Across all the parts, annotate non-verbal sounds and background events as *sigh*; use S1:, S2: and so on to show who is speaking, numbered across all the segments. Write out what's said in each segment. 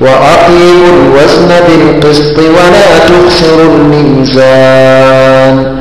S1: وأقيموا الوزن بالقسط ولا تخسروا الميزان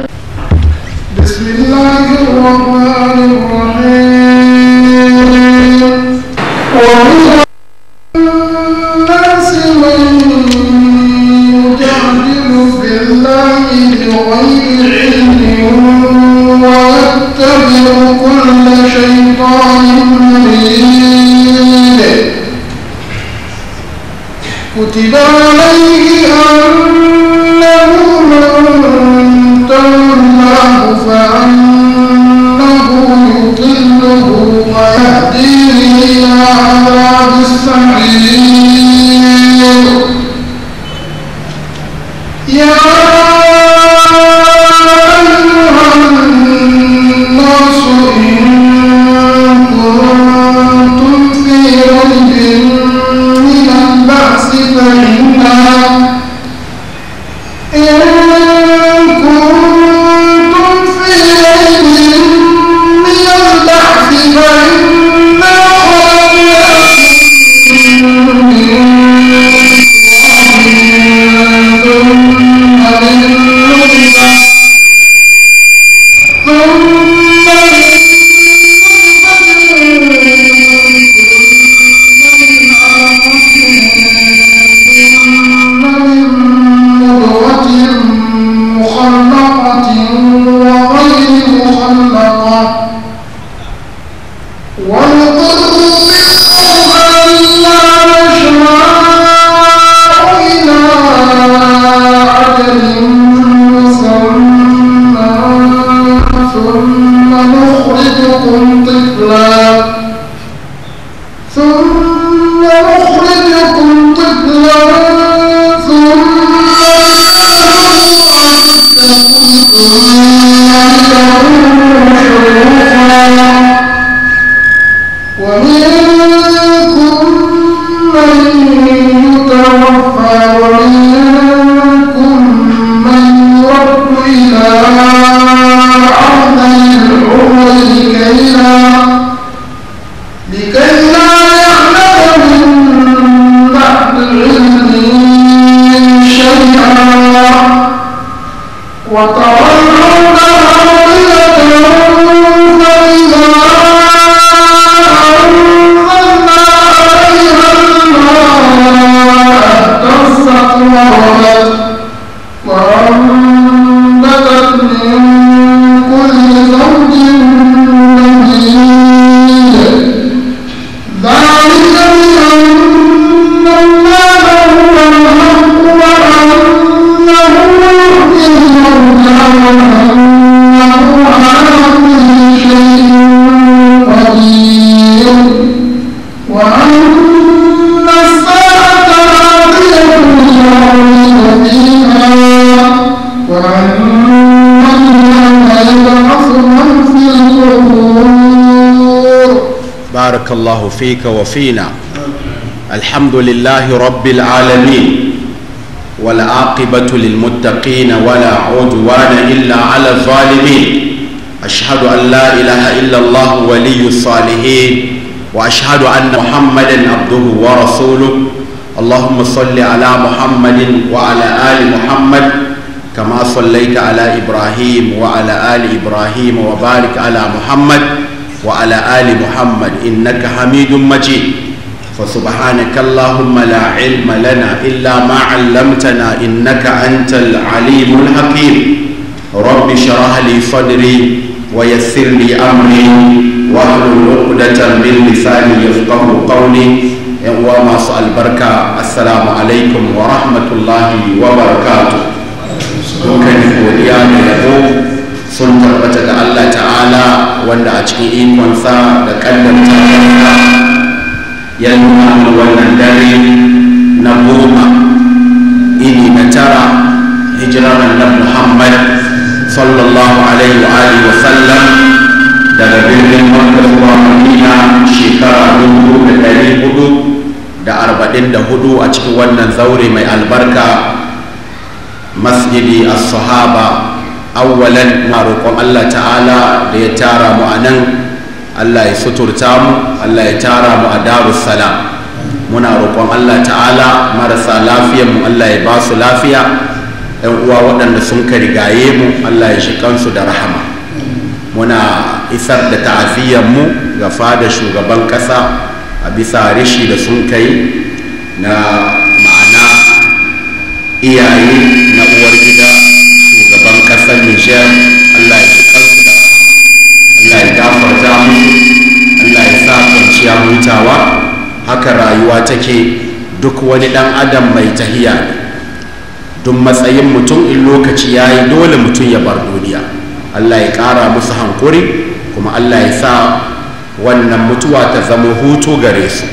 S2: وفيك وفينا الحمد لله رب العالمين والعاقبة للمتقين ولا عدوان إلا على الظالمين أشهد أن لا إله إلا الله ولي الصالحين وأشهد أن محمدا عبده ورسوله اللهم صل على محمد وعلى آل محمد كما صليت على إبراهيم وعلى آل إبراهيم وبارك على محمد وعلى آل محمد إنك حميد مجيد فسبحانك اللهم لا علم لنا إلا ما علمتنا إنك أنت العليم الحكيم رب شرح لي صدري ويسر لي أمري واحلل عقدة من لساني يفقه قولي وما سأل بركة السلام عليكم ورحمة الله وبركاته. ممكن godiya da sun tabbata ga Allah ta'ala wanda a cikin ikonsa da kaddarta ya nuna wannan dare na goma ini na tara hijirar na muhammad sallallahu alaihi wa wa sallam daga birnin makka zuwa madina shekara dubu da ɗari hudu da arba'in da hudu a cikin wannan zaure mai albarka masjidi as-sahaba awwalan na roƙon Allah ta'ala da ya tara mu a nan Allah ya suturta mu Allah ya tara mu a daru muna roƙon Allah ta'ala marasa lafiyar mu Allah ya ba su lafiya yan uwa waɗanda sun kari rigaye mu Allah ya shi kansu da rahama muna isar da ta'aziyyar mu ga fada shugaban ƙasa a bisa rishi da sun kai na ma'ana iyaye kwanciyar Allah ya kansu da Allah ya gafarta musu Allah ya sa kwanciya hutawa haka rayuwa take duk wani dan adam mai tahiya ne duk matsayin mutum in lokaci ya yi dole mutum ya bar duniya Allah ya ƙara musu hankuri kuma Allah ya sa wannan mutuwa ta zama hutu gare su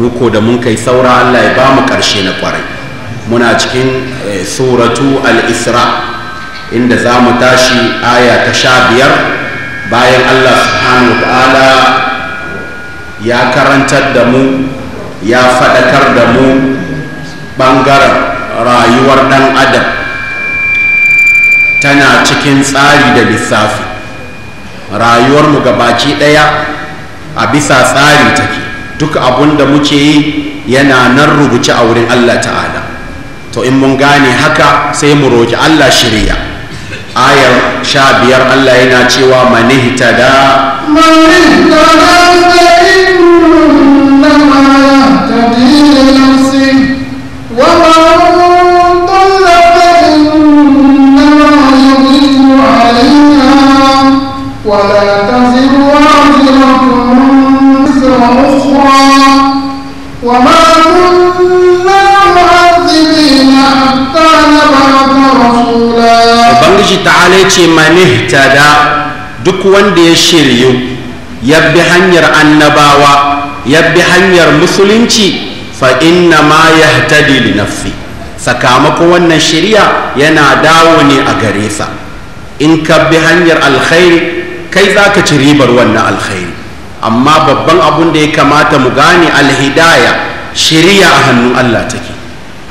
S2: muko da mun kai saura Allah ya ba mu ƙarshe na kwarai muna cikin eh, suratu al-isra' inda za mu tashi aya ta sha biyar bayan allah subhanahu ta'ala ya karantar da mu ya faɗakar da mu ɓangaren rayuwar ɗan adam tana cikin tsari da lissafi rayuwarmu baki ɗaya a bisa tsari take duk abun da muke yi yana nan rubuce a wurin allah ta'ala to in mun gane haka sai mu roƙi allah shirya ayar sha biyar Allah yana cewa manihta da
S1: ولا تزر وازرة وزر أخرى وما
S2: ubangiji ta'ala ya ce ta da duk wanda ya shiryu ya bi hanyar annabawa ya bi hanyar musulunci fa inna ma ya na fi sakamakon wannan shirya yana dawo ne a gare sa in ka bi hanyar alkhairi kai za ka ci ribar wannan alkhairi amma babban abun da ya kamata mu gane alhidaya shirya a hannun allah take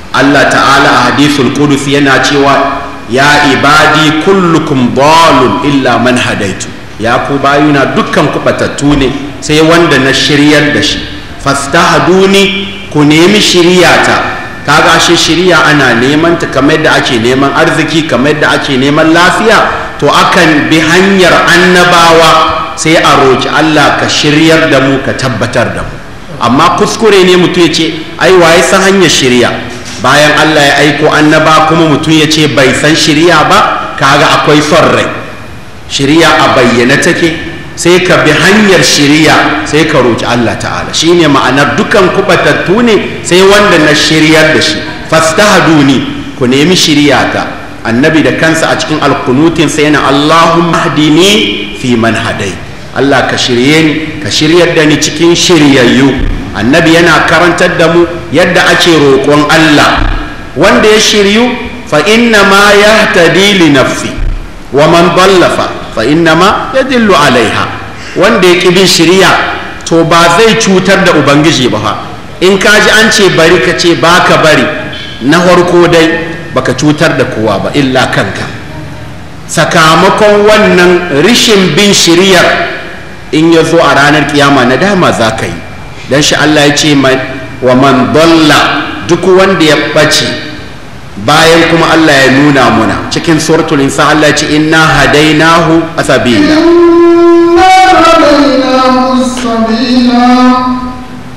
S2: Allah ta'ala a hadithul qudus yana cewa ya ibadi kullukum dalul illa man hadaitu ya ku bayuna dukkan ku batattu ne sai wanda na shiryar da shi fastahaduni ku nemi shiryata kaga shi shirya ana neman ta kamar da ake neman arziki kamar da ake neman lafiya to akan bi hanyar annabawa sai a roki Allah ka shiryar da mu ka tabbatar da mu amma kuskure ne mutum ya ce ai waye san hanyar shirya bayan Allah ya aiko annaba kuma mutum ya ce bai san shirya ba kaga akwai son rai shirya a bayyana take sai ka bi hanyar shirya sai ka roki Allah ta'ala shine ma'anar dukan kubatattu ne sai wanda na shiryar da shi fastahadu ni ku nemi shiryata annabi da kansa a cikin alkunutin sai yana Allahumma hdini fi man hadai Allah ka shirye ni ka shiryar da ni cikin shiryayyu annabi yana karantar da mu yadda ake roƙon Allah wanda ya shiryu fa inna ma yahtadi li nafsi wa man ballafa fa inna ma alaiha wanda ya ƙi bin shirya to ba zai cutar da ubangiji ba fa in ka ji an ce bari ka ce ba ka bari na farko dai baka cutar da kowa ba illa kanka sakamakon wannan rishin bin shiryar in ya zo a ranar kiyama na dama za ka yi dan shi Allah ya ce wa man dalla duk wanda ya bace bayan kuma Allah ya nuna muna cikin suratul insa Allah ya ce inna hadainahu asabila
S1: inna hadainahu sabila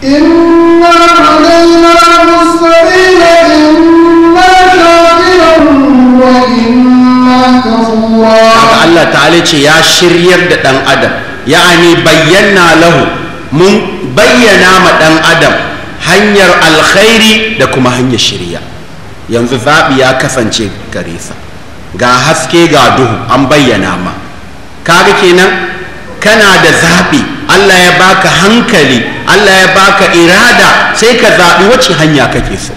S1: inna hadainahu sabila inna shakirun wa inna kafura
S2: Allah ta'ala ce ya shiryar da dan adam ya'ani bayyana lahu mun bayyana ma ɗan adam hanyar alkhairi da kuma hanyar shirya yanzu zaɓi ya kasance gare sa ga haske ga duhu an bayyana ma kaga kenan kana da zaɓi Allah ya baka hankali Allah ya baka irada sai ka zaɓi wacce hanya kake so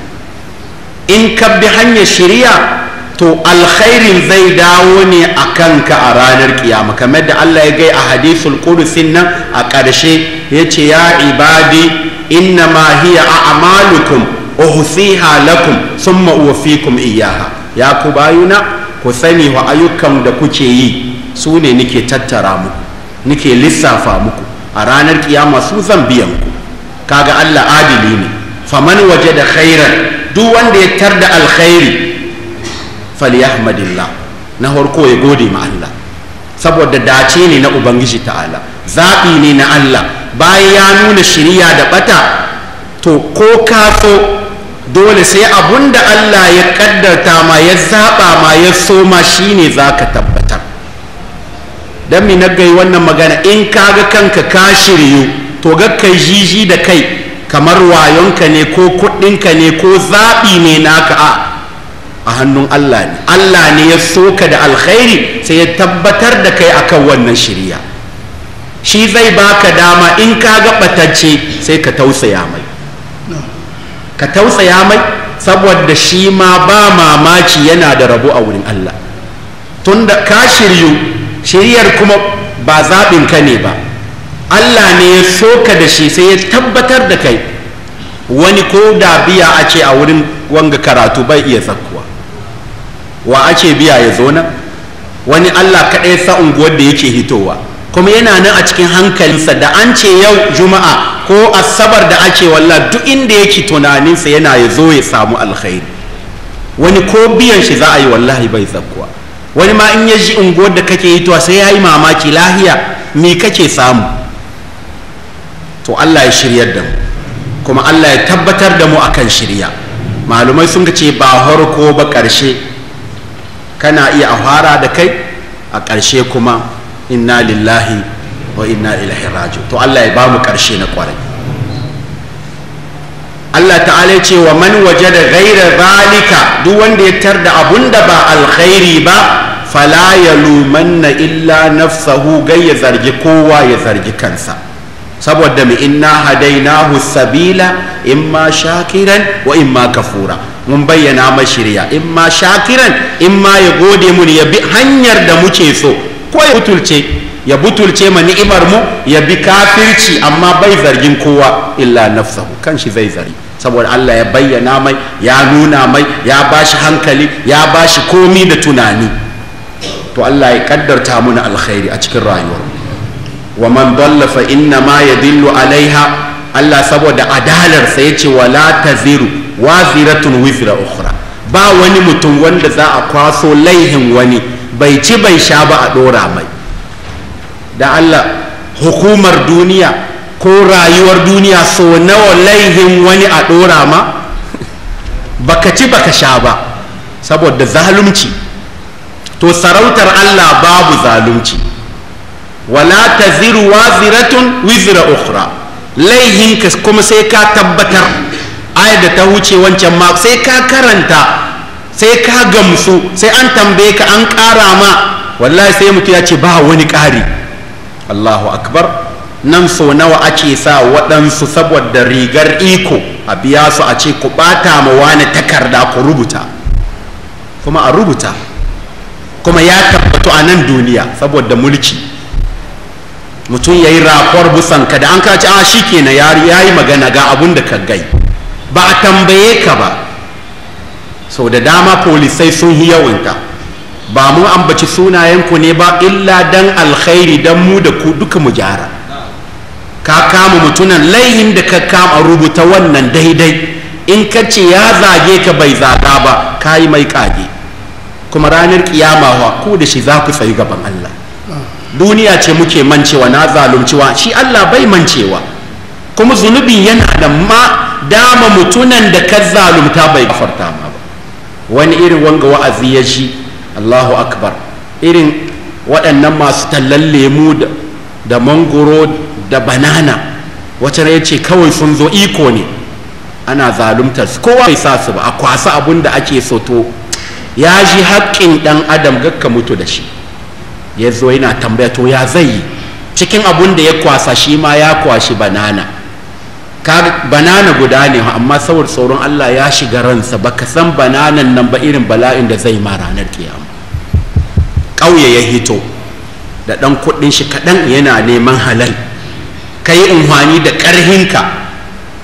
S2: in ka bi hanyar shirya to alkhairin zai dawo ne a kanka a ranar kiyama kamar da Allah ya gai a hadisul kudusin nan a ƙarshe Ya ce ya ibadi inna ma hiya a'malukum uhsiha lakum thumma uwaffikum iyyaha ya ku bayuna ku sani wa ayyukan da kuke yi su ne nike tattara muku nike lissafa muku a ranar kiyama su zan biyan ku kaga Allah adili ne faman waje da khairan duk wanda ya tar da alkhairi falyahmadillah na harko ya gode ma Allah saboda dace ne na ubangiji ta'ala zaɓi ne na Allah bayan ya nuna shirya da bata to ko ka so dole sai abunda Allah ya kaddarta ma ya zaba ma ya so ma shine zaka tabbatar dan mi na gai wannan magana in kaga kanka ka shiryu to ga kai jiji da kai kamar wayonka ne ko kudinka ne ko zabi ne naka a a hannun Allah ne Allah ne ya soka da alkhairi sai ya tabbatar da kai akan wannan shirya shi zai baka dama in ka ga ɓatacce sai ka tausaya mai ka tausaya mai saboda shi ma ba mamaki yana da rabu a wurin Allah tunda ka shiryu shiryar kuma ba zaɓin ka ne ba Allah ne ya so ka da shi sai ya tabbatar da kai wani ko da biya a ce a wurin wanga karatu bai iya zakkuwa wa ake biya ya zo nan wani Allah kaɗai sa unguwar da yake hitowa kuma yana nan a cikin hankalinsa da an ce yau juma'a ko asabar da ake walla duk inda yake tunaninsa yana ya zo ya samu alkhairi wani ko biyan shi za a yi wallahi bai zakkuwa wani ma in ya ji unguwar da kake yi tuwa sai ya yi mamaki lahiya me kake samu to Allah ya shiryar da mu kuma Allah ya tabbatar da mu akan shirya malumai sun ce ba harko ba ƙarshe kana iya a fara da kai a ƙarshe kuma inna lillahi wa inna ilaihi raji to Allah ya bamu karshe na kwarai Allah ta'ala ya ce wa man wajada ghaira zalika duk wanda ya tarda abunda ba alkhairi ba fala yalumanna illa nafsahu gai ya zargi kowa ya zargi kansa saboda mu inna hadainahu sabila imma shakiran wa imma kafura mun bayyana mashirya imma shakiran imma ya gode mun ya bi hanyar da muke so ko ya butulce ya butulce ma ni'imar mu ya bi kafirci amma bai zargin kowa illa nafsahu kanshi zai zari saboda Allah ya bayyana mai ya nuna mai ya bashi hankali ya bashi komi da tunani to Allah ya kaddarta muna alkhairi a cikin rayuwar wa man dalla fa inna ma yadillu alaiha Allah saboda adalar sa ya ce wala taziru waziratun wizra ukhra ba wani mutum wanda za a kwaso laihin wani bai ci bai sha ba a ɗora mai da Allah hukumar duniya ko rayuwar duniya so nawa laihin wani a ɗora ma baka ci baka sha ba saboda zalunci to sarautar Allah babu zalunci wala taziru waziratun wizra ukhra laihinka kuma sai ka tabbatar ayar ta wuce wancan ma sai ka karanta sai ka gamsu sai an tambaye ka an ƙara ma wallahi sai mutum ya ce ba wani ƙari allahu akbar nan so nawa ake sa waɗansu saboda rigar iko a biya su a ce ku ɓata ma wani takarda ku rubuta kuma a rubuta kuma ya tabbatu a nan duniya saboda mulki mutum ya yi rafuwar busanka da an kaci a ah, shi kenan ya yi magana ga abun da ka gai ba a tambaye ka ba sau da dama polisai sun yi yawanka ba mu ambaci sunayenku ne ba illa dan alkhairi dan mu da ku duka mu gyara ka kama mutunan laihin da ka kama rubuta wannan daidai in ka ce ya zage ka bai zaga ba ka yi mai kage kuma ranar kiyama wa ku da shi za ku tsayi gaban Allah duniya ce muke mancewa na zaluncewa shi Allah bai mancewa kuma zunubi yana da ma dama mutunan da ka zalunta bai gafarta ba wani irin wanga wa'azi ya ji allahu akbar irin waɗannan masu tallan lemu da mangoro da banana wata ya ce kawai sun zo iko ne ana zaluntar su kowa bai sa su ba a kwasa abun da ake so to ya ji haƙƙin ɗan adam gakka mutu da shi ya zo yana tambaya to ya zai yi cikin abun da ya kwasa shi ma ya kwashi banana banana guda ne amma saboda tsoron Allah ya shiga ransa baka san bananan nan ba irin bala'in da zai ma ranar kiyama ƙauye ya hito da ɗan kuɗin shi kaɗan yana neman halal ka yi unhwani da ƙarhinka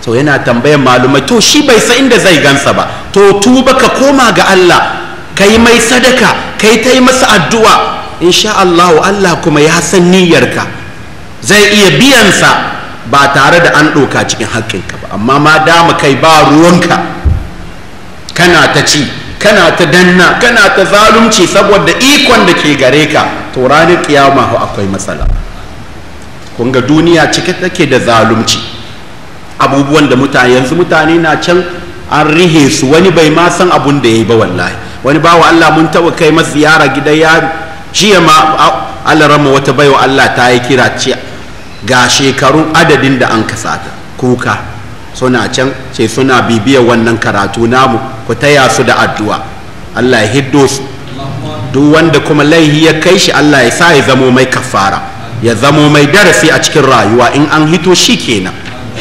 S2: to yana tambayar malumai to shi bai san inda zai gansa ba to tuba ka koma ga Allah ka yi mai sadaka ka yi ta yi masa addu'a insha Allah Allah kuma ya san niyyarka zai iya biyansa ba tare da an ɗauka cikin haƙƙinka ba amma ma dama kai ba ruwanka kana ta ci kana ta danna kana ta zalunci saboda ikon da ke gare ka to ranar kiyama ho akwai matsala kun ga duniya cike take da zalunci abubuwan da mutane yanzu mutane na can an rihe su wani bai ma san abun da ya yi ba wallahi wani bawa Allah mun taɓa kai masu yara gidan ya ma Allah rama wata baiwa Allah ta yi kira ce ga shekarun adadin da an kasata, kuka suna can ce suna bibiya wannan karatu namu ku taya su da addu'a Allah ya hiddo su duk wanda kuma laihi ya kai shi Allah ya sa ya zamo mai kafara ya zamo mai darasi a cikin rayuwa in an hito shi kenan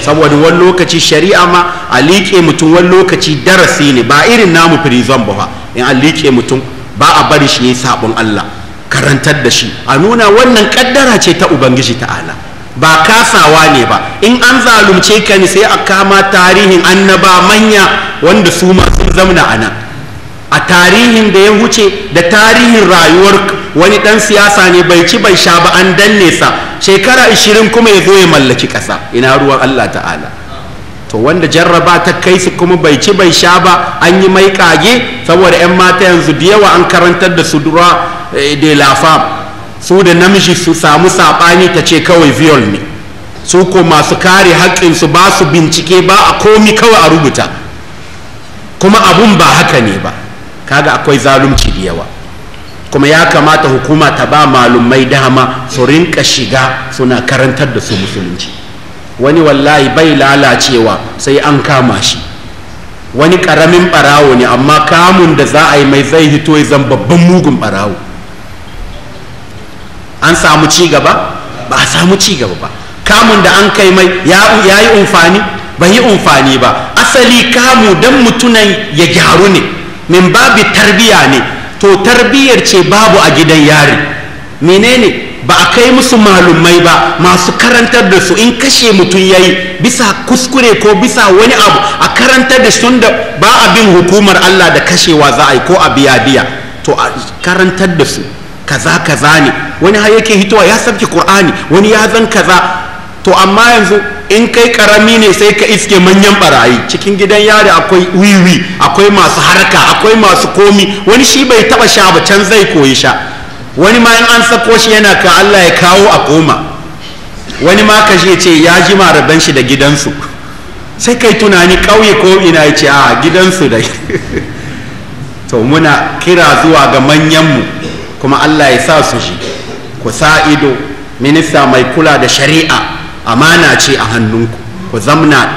S2: saboda wani lokaci shari'a ma a liƙe mutum wani lokaci darasi ne ba irin namu prison ba in an liƙe mutum ba a bari shi ya sabon Allah karantar da shi a nuna wannan kaddara ce ta ubangiji ta'ala ba kasawa ne ba in an zalunce ka ne sai a kama tarihin annaba manya wanda su ma sun zamna a nan a tarihin da ya huce da tarihin rayuwar wani dan siyasa ne bai ci bai sha ba an danne sa shekara 20 kuma ya zo ya mallaki ƙasa ina ruwan Allah ta'ala to wanda jarraba ta kai su kuma bai ci bai sha ba an yi mai kage saboda 'yan mata yanzu da yawa an karantar da su dura eh, de la femme su da namiji su samu saɓani ta ce kawai viol ne su ko masu kare haƙƙinsu ba su bincike ba a komi kawai a rubuta kuma abun ba haka ne ba kaga akwai zalunci da yawa kuma ya kamata hukuma ta ba malumai dama su rinka shiga suna karantar da su musulunci wani wallahi bai lalacewa sai an kama shi wani ƙaramin ɓarawo ne amma kamun da za a yi mai zai hito ya zan babban mugun ɓarawo an samu ci gaba ba a samu ci gaba ba kamun da an kai mai ya yi umfani ba yi umfani ba asali kamu don mutunan ya gyaru ne min babi tarbiya ne to tarbiyar ce babu a gidan yari menene ba a kai musu malumai ba masu karantar da su in kashe mutum ya yi bisa kuskure ko bisa wani abu a karantar da sun da ba abin hukumar Allah da kashewa za a yi ko a biya biya to a karantar da su kaza kaza ne wani har yake hitowa ya sabke qur'ani wani ya zan kaza to amma yanzu in kai karami ne sai ka iske manyan barayi cikin gidan yari akwai wiwi akwai masu harka akwai masu komi wani shi bai taba sha ba can zai koyi sha wani ma in an sako shi yana ka Allah ya kawo a koma wani ma ka ce ya ji maraban shi da gidansu sai kai tunani ƙauye ko ina ya ce a gidansu dai *laughs* to muna kira zuwa ga manyanmu kuma Allah ya sa su shi ku sa ido minista mai kula da shari'a amana ce a hannunku ku zamna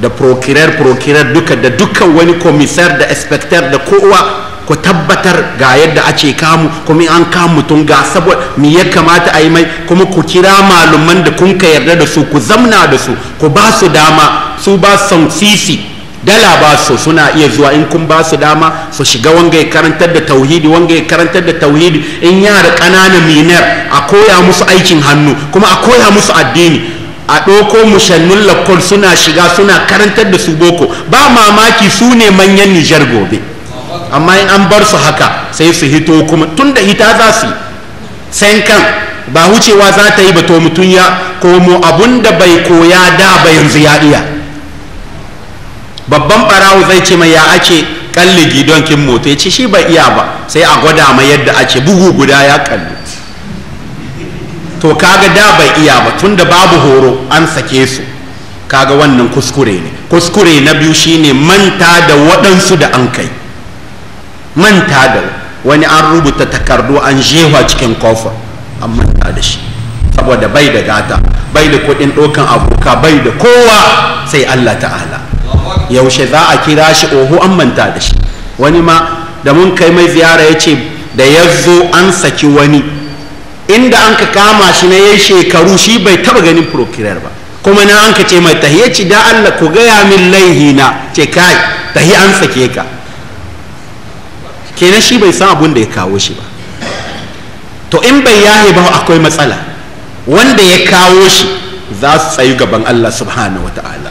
S2: da prokirar prokirar duka da dukkan wani komisar da inspector da kowa ku tabbatar ga yadda ake kamu kuma an kamu tun ga saboda me ya kamata a yi mai kuma ku kira malaman da kun yarda da su ku zamna da su ku ba su dama su ba son sisi dala ba su suna iya zuwa in kun ba su dama su shiga wanga ya karantar da tauhidi wanga ya karantar da tauhidi in yara ƙananan minar a koya musu aikin hannu kuma a koya musu addini a ɗauko mushannun lakol suna shiga suna karantar da su boko ba mamaki su ne manyan nijar gobe amma in an bar su haka sai su hito kuma tun da hita za su yi kan ba wucewa za ta yi ba to mutum ya komo abun da bai koya da ba yanzu ya iya babban barawu zai ce mai ya ake kalli gidon kin mota ya ce shi ba iya ba sai a gwada mai yadda ake bugu guda ya kalli to kaga da bai iya ba tunda babu horo an sake su kaga wannan kuskure ne kuskure na biyu shine manta da waɗansu da an kai manta da wani an rubuta takardu an jewa cikin kofa an manta da shi saboda bai da gata bai da kuɗin ɗaukan aboka bai da kowa sai allah ta'ala yaushe za a kira shi oho an manta da shi wani ma da mun kai mai ziyara ya ce da ya zo an saki wani inda an ka kama shi na yin shekaru shi bai taba ganin procurator ba kuma na an ka ce mai tahi ya ci da Allah ku gaya min laihi na ce kai tahi an sake ka kenan shi bai san abun da ya kawo shi ba to in bai yahe ba akwai matsala wanda ya kawo shi za su tsayu gaban Allah subhanahu wa ta'ala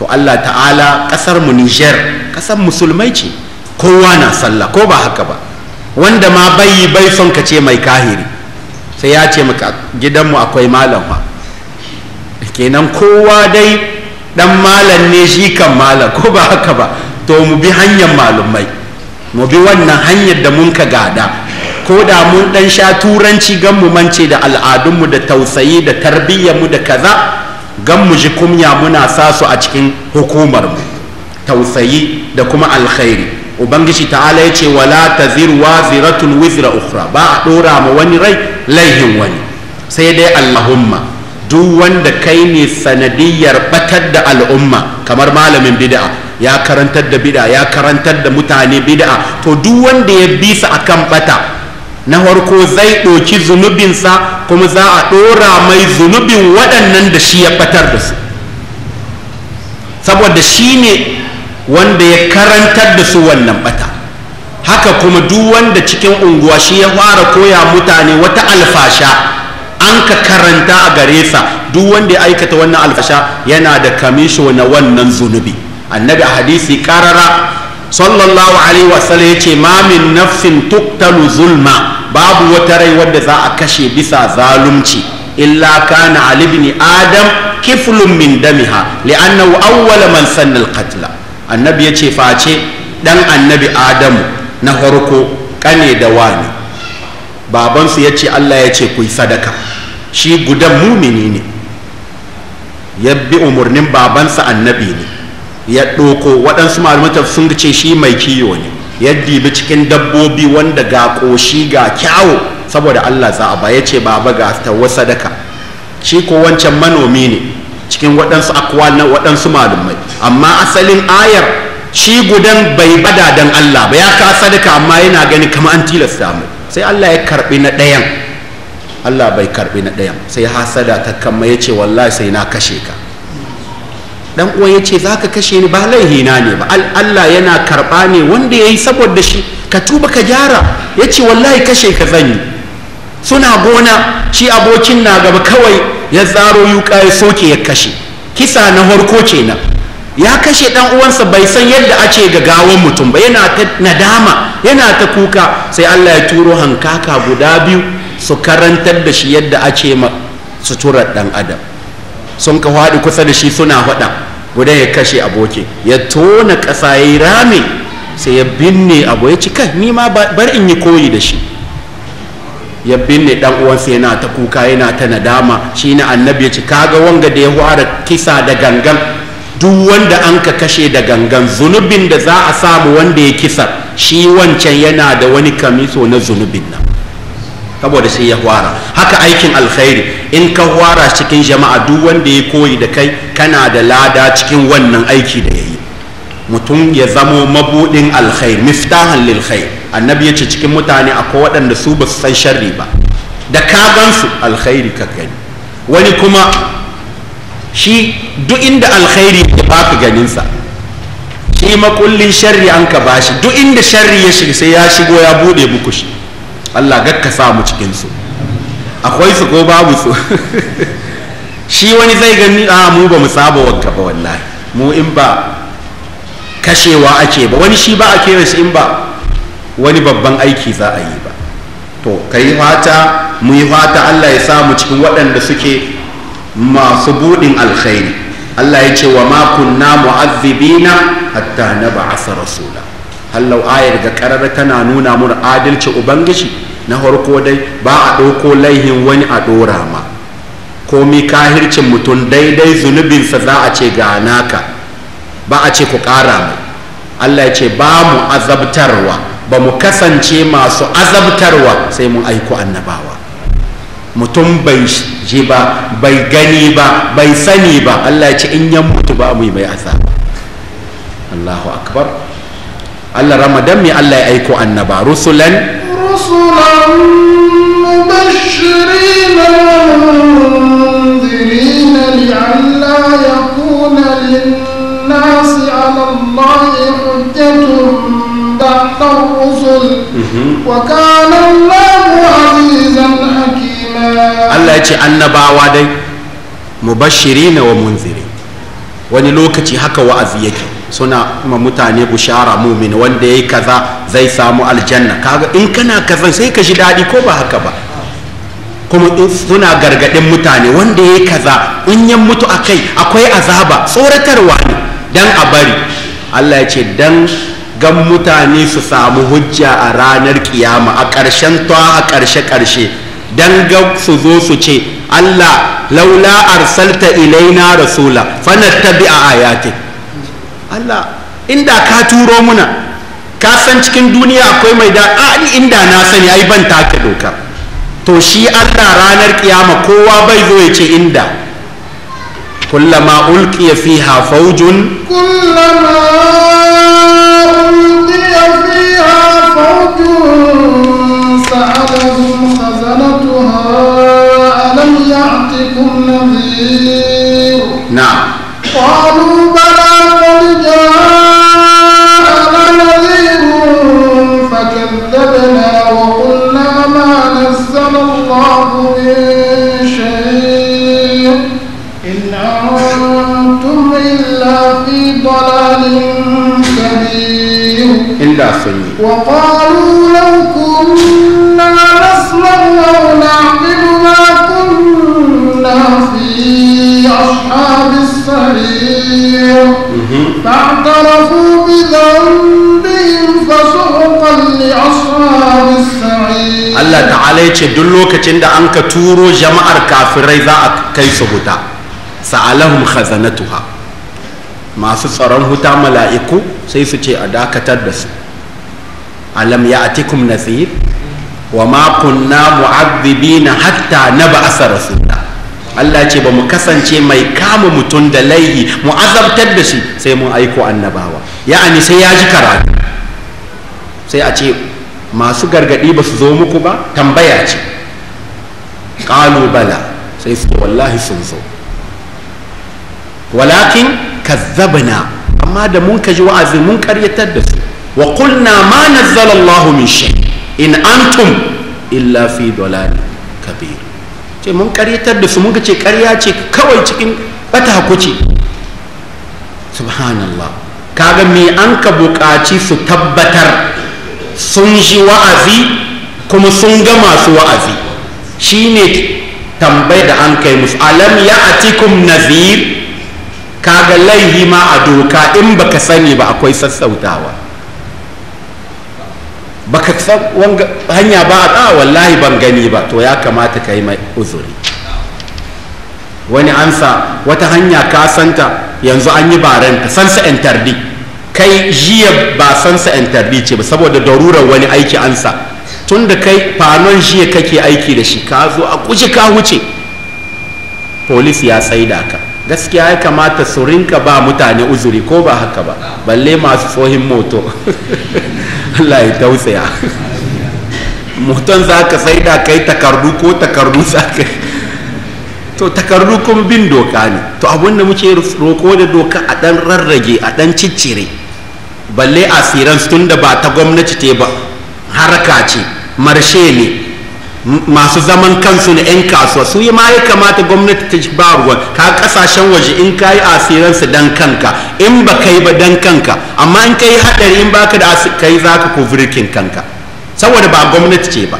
S2: to Allah ta'ala kasar mu Niger kasar musulmai ce kowa na sallah ko ba haka ba wanda ma bai bai son ka ce mai kahiri sai ya ce maka mu akwai malam ma kenan kowa dai dan malam ne shi kan malam ko ba haka ba to mu bi hanyar malumai mu bi wannan hanyar da mun ka gada ko da mun dan sha turanci gan mu mance da al'adun mu da tausayi da tarbiyyar mu da kaza gan mu ji kumya muna sa su a cikin hukumar mu tausayi da kuma alkhairi ubangiji ta'ala ya ce wala taziru ziratun wizra ukhra ba a dora ma wani rai laihin wani sai dai allahumma duk wanda kai ne sanadiyar batar da al'umma kamar malamin bid'a ya karantar da bid'a ya karantar da mutane bid'a to duk wanda ya bisa akan bata na farko zai ɗoki zunubinsa kuma za a ɗora mai zunubin waɗannan da shi ya ɓatar da su saboda shi ne wanda ya karantar da su wannan ɓata haka kuma duk wanda cikin unguwa shi ya fara koya mutane wata alfasha an ka karanta a gare sa duk wanda ya aikata wannan alfasha yana da kamisho na wannan zunubi annabi a hadisi karara sallallahu alaihi wasallam ya ce ma nafsin tuktalu zulma babu wata rai wadda za a kashe bisa zalunci illa kana ali bini adam kiflun min damiha li'annahu awwala man sanna al annabi yace face dan annabi adamu na farko kane da wani babansu yace Allah yace ku sadaka shi gudan mumini ne ya bi umarnin babansa annabi ne ya ɗoko waɗansu malumatar sun ce shi mai kiyo ne ya dibi cikin dabbobi wanda ga ƙoshi ga kyawo saboda Allah za ba ya ce baba ga tawa sadaka shi ko wancan manomi ne cikin waɗansu akwa na waɗansu malumai amma asalin ayar shi gudan bai bada dan Allah ba ya ka sadaka amma yana gani kama an tilasta mu sai Allah ya karbi na ɗayan Allah bai karbi na ɗayan sai hasada ta kama ya ce wallahi sai na kashe ka dan uwan yace zaka kashe ni ba laihi na ne ba Allah yana karba ne wanda yayi saboda shi ka tuba ka gyara yace wallahi kashe ka zan yi suna gona shi abokin na gaba kawai ya tsaro yuka ya soke ya kashe kisa na harko na. ya kashe dan uwansa bai san yadda ake ga gawan mutum ba yana ta nadama yana ta kuka sai Allah ya turo hankaka guda biyu su karantar da shi yadda ake ma sutura dan adam sun ka haɗi kusa da shi suna haɗa gudan ya kashe aboki ya tona ƙasa ya yi rame sai ya binne abu ya ci kai ma bar in yi koyi da shi ya binne dan uwansa yana ta kuka yana ta nadama shi na annabi ya ci kaga wanga da ya fara kisa da gangan duk wanda an ka kashe da gangan zunubin da za a samu wanda ya kisa shi wancan yana da wani kamiso na zunubin nan saboda sai ya fara haka aikin alkhairi in ka fara cikin jama'a duk wanda ya koyi da kai kana da lada cikin wannan aiki da yayi mutum ya zamo mabudin alkhair miftahan lil khair annabi ya ce cikin mutane akwai waɗanda su ba su san sharri ba da ka gansu alkhairi ka gani wani kuma shi duk inda alkhairi ya baka ganinsa shi makullin sharri an ka bashi duk inda sharri ya shiga sai ya shigo ya bude muku shi Allah gakka sa mu cikin su akwai su ko babu su *laughs* shi wani zai gani a ah, mu ba mu saba wanka ba wallahi mu in ba kashewa ake ba wani shi ba a kera shi in ba wani babban aiki za a yi ba to kai fata mu yi fata Allah ya samu cikin waɗanda suke masu buɗin alkhairi Allah ya ce wa ma kunna mu'azzibina hatta naba'asa rasula hallau ayar ga karar tana nuna mun adalci ubangiji na harko dai ba a ɗauko laihin wani a ɗora ma komi kahircin mutum daidai zunubinsa za a ce ga naka ba a ce ku ƙara mai allah ya ce ba mu azabtarwa ba mu kasance masu azabtarwa sai mun aiko annabawa mutum bai ji ba bai gani ba bai sani ba allah ya ce in yan mutu ba mu yi mai azaba allahu akbar Allah ramadan me Allah ya aiko annaba rusulan
S1: rusulan mubashirin yakuna lin 'ala Allah hujjatun ba'da rusul mhm. wa kana Allahu 'azizan hakima Allah ya
S2: ce annabawa dai mubashirin wa munzirin wani lokaci haka wa'azi yake suna ma mutane bushara mumin wanda ya yi kaza zai samu aljanna kaga in kana kazan sai ka ji daɗi ko ba haka ba kuma in suna gargaɗin mutane wanda ya yi kaza in yan mutu kai akwai azaba tsoratarwa ne dan a bari Allah ya ce dan gan mutane su samu hujja a ranar kiyama a ƙarshen ta a ƙarshe ƙarshe dan ga su zo su ce Allah laula arsalta ilaina rasula bi a ayatin. Allah inda ka turo muna ka san cikin duniya akwai mai da a inda na sani ai ban take doka to shi Allah ranar kiyama kowa bai zo ya ce inda kullama ulqiya fiha fawjun
S1: kullama ulqiya fiha fawjun sa'adhum khazanatuha alam ya'tikum nadhir na'am قالوا بلى قد جاءنا فكذبنا وقلنا ما نزل الله من شيء إن إلا في ضلال كبير إلا وقالوا لو كنا فاعترفوا بذنبهم فسحقا لأصحاب السعير
S2: الله تعالى يقول لك عند أنك تورو جماعة كافرين ذا كيف هدى سألهم خزنتها masu tsaron huta mala'iku sai su ce a dakatar da su alam ya atikum nasir wa ma kunna hatta na ba'asa rasul Allah ce ba mu kasance mai kama mutum da laihi mu azabtar da shi sai mun aiko annabawa ya'ani sai ya ji karatu sai a ce masu gargadi ba su zo muku ba tambaya ce bala sai su wallahi sun zo walakin kazzabna amma da mun ji wa'azi mun karyatar da su wa kulna ma nazzalallahu Allahu min shay in antum illa fi dalalin kabir ce mun karyatar da su muka ce karya ce kawai cikin bata ce. subhanallah kaga me an ka buƙaci su tabbatar sun shi wa'azi kuma sun ga masu wa'azi shine tambayi da an kai musu alam ya atikum nazir kaga laihi ma a doka in baka sani ba akwai sassautawa baka san hanya ba a wallahi ban gani ba to ya kamata ka yi mai uzuri wani ansa wata hanya ka santa yanzu an yi baren ta sansa sa kai jiya ba sansa sa ce ba saboda darurar wani aiki ansa tun da kai fanon jiya kake aiki da shi ka zo a kuji ka wuce polis ya tsaida ka gaskiya ya kamata su rinka ba mutane uzuri ko ba haka ba balle masu tsohin moto *laughs* Allah ya tausaya moton za ka sai da kai takardu ko takardu za ka to takardu kuma bin doka ne to abin da muke roko da doka a dan rarrage a dan ciccire balle asiran tun da ba ta gwamnati ce ba haraka ce marshe ne masu zaman kansu na 'yan kasuwa su yi ma ya kamata gwamnati ta ba ruwan ka kasashen waje in ka yi asiransu dan kanka in ba ka yi ba dan kanka amma in ka yi haɗari in ba ka da ka yi za ka kuvirkin kanka saboda ba gwamnati ce ba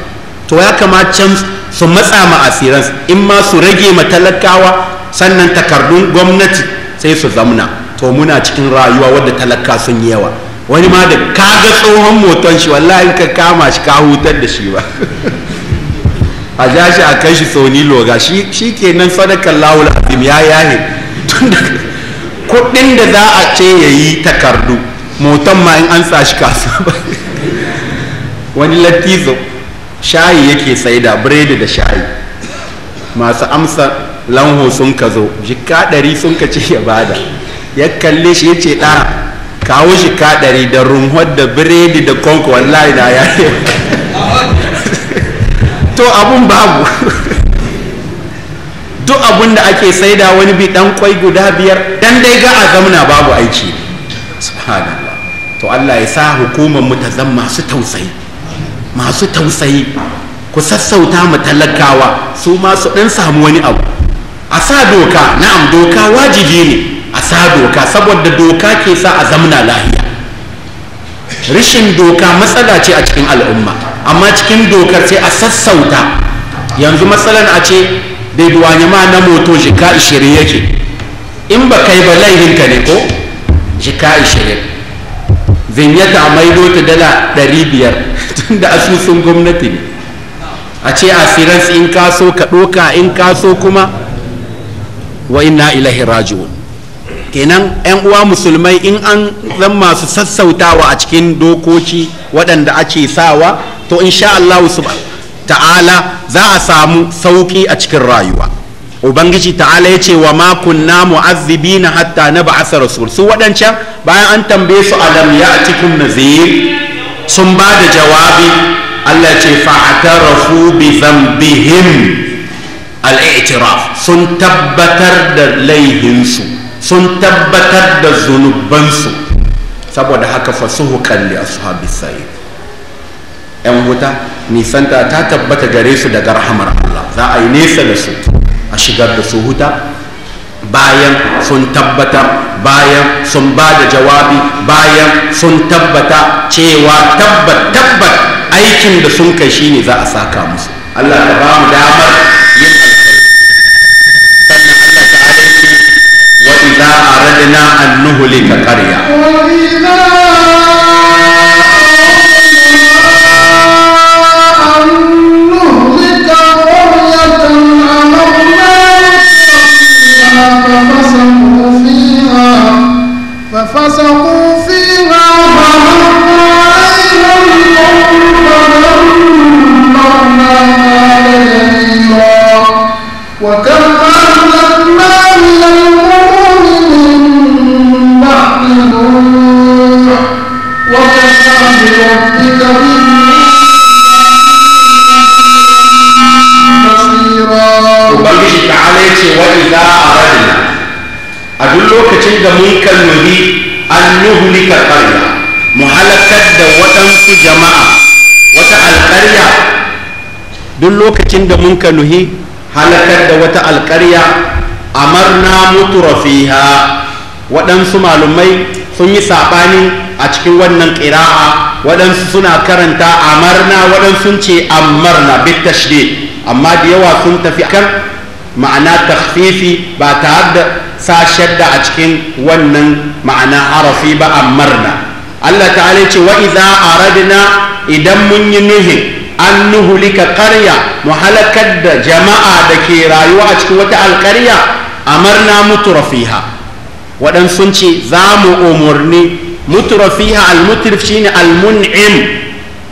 S2: to ya kamata can su matsa ma asiransu in ma su rage ma talakawa sannan takardun gwamnati sai su zamna to muna cikin rayuwa wadda talaka sun yi yawa wani ma da ka ga tsohon moton shi wallahi ka kama shi ka hutar da shi ba *laughs* a ja shi a kai shi ni loga shi ke nan sadakar lawul azim ya yahe kudin da za a ce ya yi takardu motan ma in an sa shi ba wani latizo shayi yake saida biredi da shayi masu amsa lanho sun ka zo jika ɗari sun ka ce ya bada ya kalle shi ya ce ɗa kawo shi kaɗari da rumhar da biredi da konko lai da ya yi. to abun babu *laughs* duk abun da ake saida wani bi dan kwai guda biyar dan dai ga a babu aiki subhanallah to Allah ya sa hukumar mu ta zama masu tausayi masu tausayi ku sassauta mu talakawa su ma su dan samu wani abu a sa doka na'am doka wajibi ne a sa doka saboda doka ke sa a zamna lahiya rishin doka matsala ce a cikin al'umma amma cikin dokar sai a sassauta yanzu matsalan a ce da duwanya ma na moto jika ishirin yake in ba kai ba laihinka ne ko jika ishirin zinyata a maido ta dala ɗari biyar *laughs* tun da asusun gwamnati ne a ce a in kaso ka doka in kaso kuma wa inna ilahi raji'un kenan 'yan uwa musulmai in an zan masu sassautawa a cikin dokoki waɗanda ake sawa to insha Allah ta'ala za a samu sauki a cikin rayuwa ubangiji ta'ala ya ce wa ma kunna na hatta na ba'asa rasul su waɗancan bayan an tambaye su alam ya cikin nazir sun ba da jawabi Allah ce fa'atarafu bi zambihim al'i'tiraf sun tabbatar da laihinsu sun tabbatar da zunubansu saboda haka fasuhu kalli ashabis sa'id 'yan wuta nisanta ta tabbata gare su daga rahamar Allah za a yi nesa da su a shigar da su huta bayan sun tabbata bayan sun ba da jawabi bayan sun tabbata cewa tabbat tabbat aikin da sun kai shi ne za a saka musu Allah ta ba mu damar yin alkhairi sannan Allah ta alaiki wa idza aradna an ففسقوا فيها
S1: ففسقوا
S2: lokacin da mun kallubi an nuhlika qarya mu halakar da waɗansu jama'a wata alƙarya duk lokacin da mun kaluhi halakar da wata alƙarya amarna mutura fiha waɗansu malumai sun yi saɓani a cikin wannan ƙira'a waɗansu suna karanta amarna waɗansu ce amarna bit amma da yawa sun tafi kan ma'ana takhfifi ba tare da sashen da a cikin wannan ma'ana harafi ba a marna Allah ta'ala ce wa idza aradna idan mun yi nuhin an nuhulika karya mu halakar da jama'a da ke rayuwa a cikin wata alƙarya amarna mutrafiha waɗan sun ce za mu umarni muturafiha almutrif shine almun'im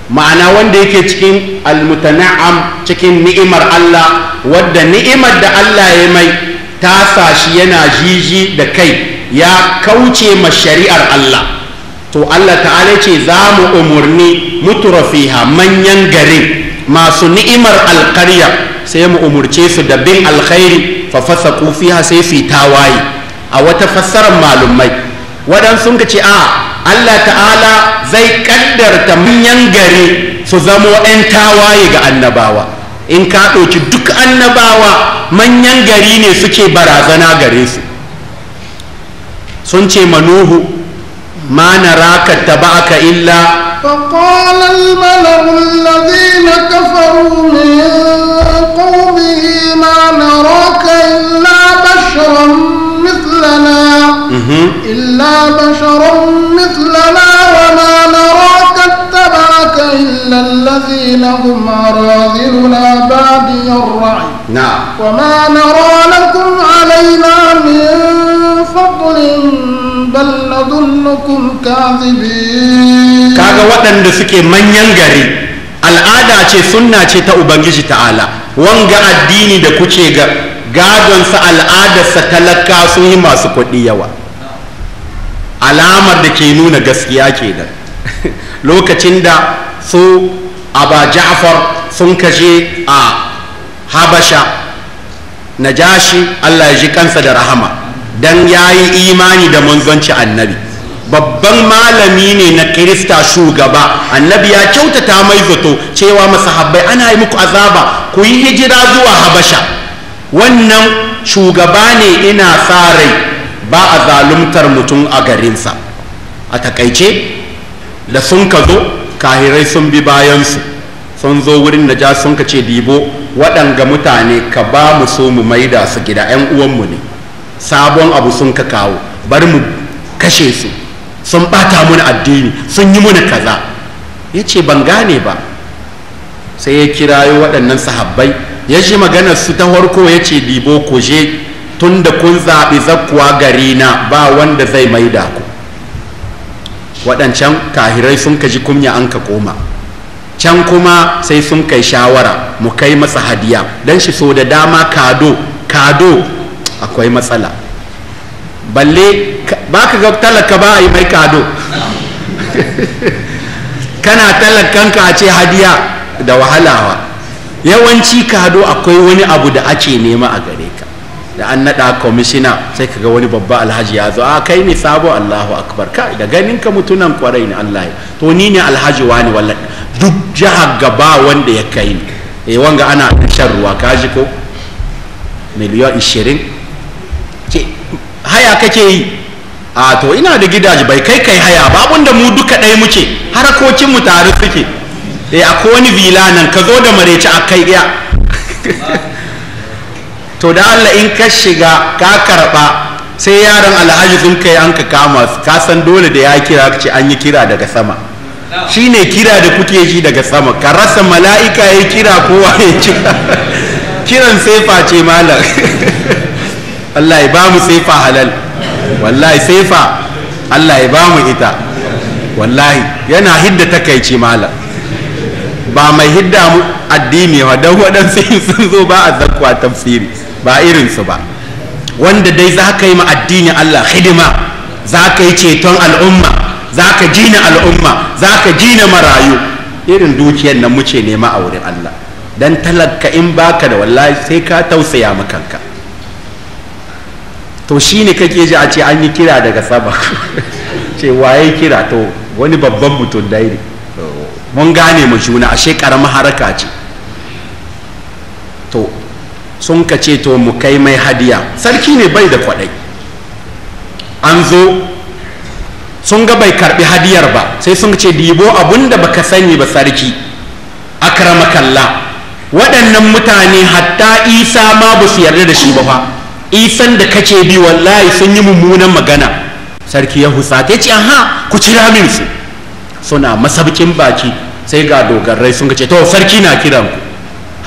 S2: ma'ana wanda yake cikin almutana'am cikin ni'imar Allah wadda ni'imar da Allah ya mai ta sa shi yana jiji da kai ya kauce ma shari'ar Allah to Allah ta'ala ce za mu umarni muturafiha manyan garin masu ni'imar alkarya sai mu umurce su da bin alkhairi fa fasaku fiha sai su tawaye a wata fassarar malumai waɗansu ka ce a Allah ta'ala zai kaddarta manyan gari su zamo 'yan tawaye ga annabawa in ka ɗauki duk annabawa manyan gari ne suke barazana gare su sun ce manuhu ma na raka ta ba aka illa
S1: faƙonan malarulladi na kafaru ne ƙobi ma na raka illa basharon mitlana mhm. illa basharon mitlana إلا الذين هم أراذلنا بادي الرعي نعم وما نرى لكم
S2: al'ada ce sunna ce ta ubangiji ta'ala wanga addini da kuke ga gadon gadonsa al'adarsa talaka sun yi masu kuɗi yawa alamar da ke nuna gaskiya ke da *laughs* lokacin da su aba ja'far sun kashe a habasha na jashi allah ya ji kansa da rahama don ya yi imani da manzonci annabi babban malami ne na kirista shugaba annabi ya kyautata mai zato cewa masahabbai ana yi muku azaba ku yi hijira zuwa habasha wannan shugaba ne ina sa rai ba a zaluntar mutum a garinsa a takaice da sun ka zo kahirai sun bi bayansu sun zo wurin da ja sun ka ce dibo waɗanga mutane ka ba mu so mu maida su gida 'yan uwanmu ne sabon abu sun ka kawo bari mu kashe su sun bata muna addini sun yi muna kaza ya ce ban gane ba sai ya kirayo waɗannan sahabbai ya ji maganar su ta harko ya ce dibo ku je tun da kun zaɓi zakkuwa gari na ba wanda zai maida ku waɗancan kahirai sun ka ji kunya an ka koma can kuma sai sun kai shawara mu kai masa hadiya don shi so da dama kado kado akwai matsala balle ba ka ga talaka ba a yi mai kado *laughs* kana talakanka a ce hadiya da wahalawa yawanci kado akwai wani abu da ake nema a gare ka da an naɗa kwamishina sai ka ga wani babba alhaji ya zo a kai ne sabo allahu akbar ka da ganin ka mutunan kwarai ne allah ya to ni ne alhaji wani walla duk jihar gaba wanda ya kai ni e wanga ana shan ruwa ka ji ko miliyan ishirin ce haya kake yi a to ina da gidaje bai kai kai haya ba da mu duka ɗaya muke harakokin mu tare suke e akwai wani vila nan ka zo da mareci a kai ɗaya *laughs* to da Allah in ka shiga ka karba sai yaron alhaji sun kai an ka kama ka san dole da ya kira ka ce an yi kira daga sama shine kira da kuke ji daga sama ka rasa mala'ika ya kira kowa ya kira *laughs* kiran sefa ce malam *laughs* Allah ya ba mu sefa halal wallahi sefa Allah ya ba mu ita wallahi yana hidda takaici malam ba mai hidda mu addini ba don waɗansu *laughs* sun zo ba a zakwa tafsiri ba irin su ba wanda dai za ka yi ma addinin Allah hidima za ka yi ceton al'umma za ka jina al'umma za ka jina marayu irin dukiyar nan muce nema a wurin Allah don talaka in baka da wallahi sai ka tausaya ma kanka to shine kake ji a ce an yi kira daga sama *laughs* ce waye kira to wani babban mutum dai mun gane mu juna ashe karama haraka ce sun ka ce to mu kai mai hadiya sarki ne bai da kwaɗai an zo sun ga bai karɓi hadiyar ba sai sun ce dibo abun da baka sani ba sarki kalla waɗannan mutane hatta isa ma ba su yarda da shi ba fa isan da kake bi wallahi sun yi mummunan magana sarki ya husata ya ce aha ku cira min su suna masabkin baki sai ga dogarai sun ce to sarki na kiran ku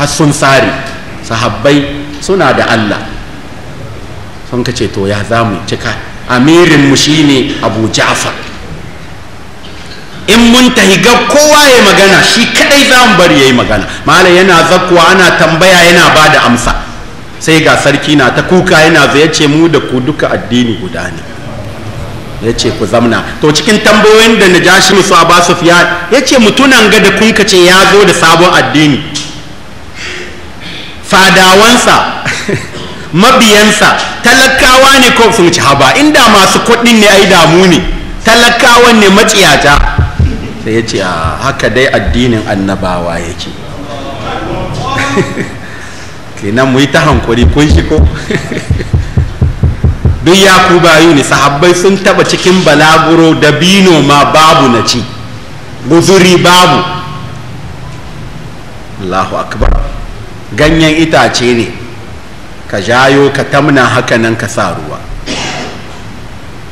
S2: har sun sare sahabbai suna da Allah sun ka ce to ya za mu cika amirin mu shine Abu jafa in mun tahi gab kowa ya magana shi kadai za mu bari yi magana malam yana zakuwa ana tambaya yana ba da amsa sai ga sarki na ta kuka yana zai ce mu da ku duka addini guda ne ya ce ku zamna to cikin tambayoyin da na najashi musu a ba su fiya ya ce mutunan ga da kun ce ya zo da sabon addini fadawansa mabiyansa talakawa ne ko sun ci haba inda masu kuɗin ne ai damu ne talakawan ne maciyata sai ya ce ah, haka dai addinin annabawa yake *laughs* kenan mu yi ta hankuri kun shi ko *laughs* duk ya ku bayu ne sahabbai sun taba cikin balaguro da bino ma babu na ci guzuri babu Allahu akbar ganyen itace ne ka jayo ka tamna haka nan ka sa ruwa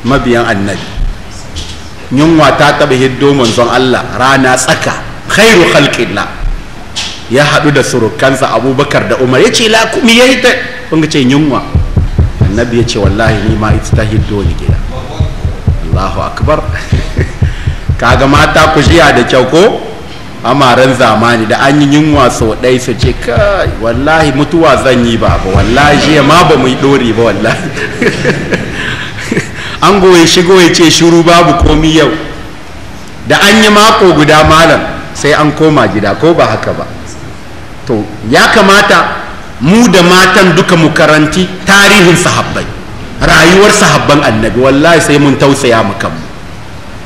S2: mabiyan annabi yunwa ta taɓa hiddo manzon Allah rana tsaka khairu khalqillah ya haɗu da surukansa abubakar da umar ya ce la kumi yi ta kun ce yunwa annabi ya ce wallahi ni ma ita ta hiddo ni gida Allahu akbar *laughs* kaga mata ku jiya da kyau ko amaren zamani da an yi yunwa sau ɗai su ce kai wallahi mutuwa zan yi ba ba wallahi jiya ma ba mu yi ɗori ba wallahi *laughs* an goye shigo ya ce shuru babu komi yau da an yi mako guda malam sai an koma gida ko ba haka ba to ya kamata mu da matan duka mu karanti tarihin sahabbai rayuwar sahabban annabi wallahi sai mun tausaya mu kanmu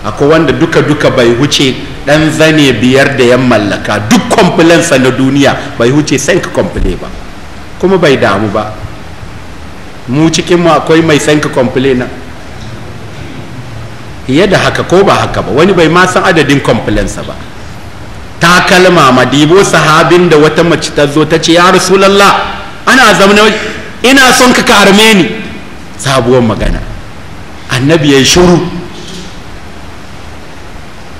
S2: akwai wanda duka duka bai wuce dan zane biyar da yan mallaka duk kwamfilansa na duniya bai huce sanka kwamfile ba kuma bai damu ba mu cikinmu akwai mai sanka kwamfile na iya da haka ko ba haka ba wani bai ma san adadin kwamfilansa ba ta kalma madibo sahabin da wata mace ta zo ta ce ya rasulallah ana zamana ina son ka karme ni sabuwar magana annabi ya yi shuru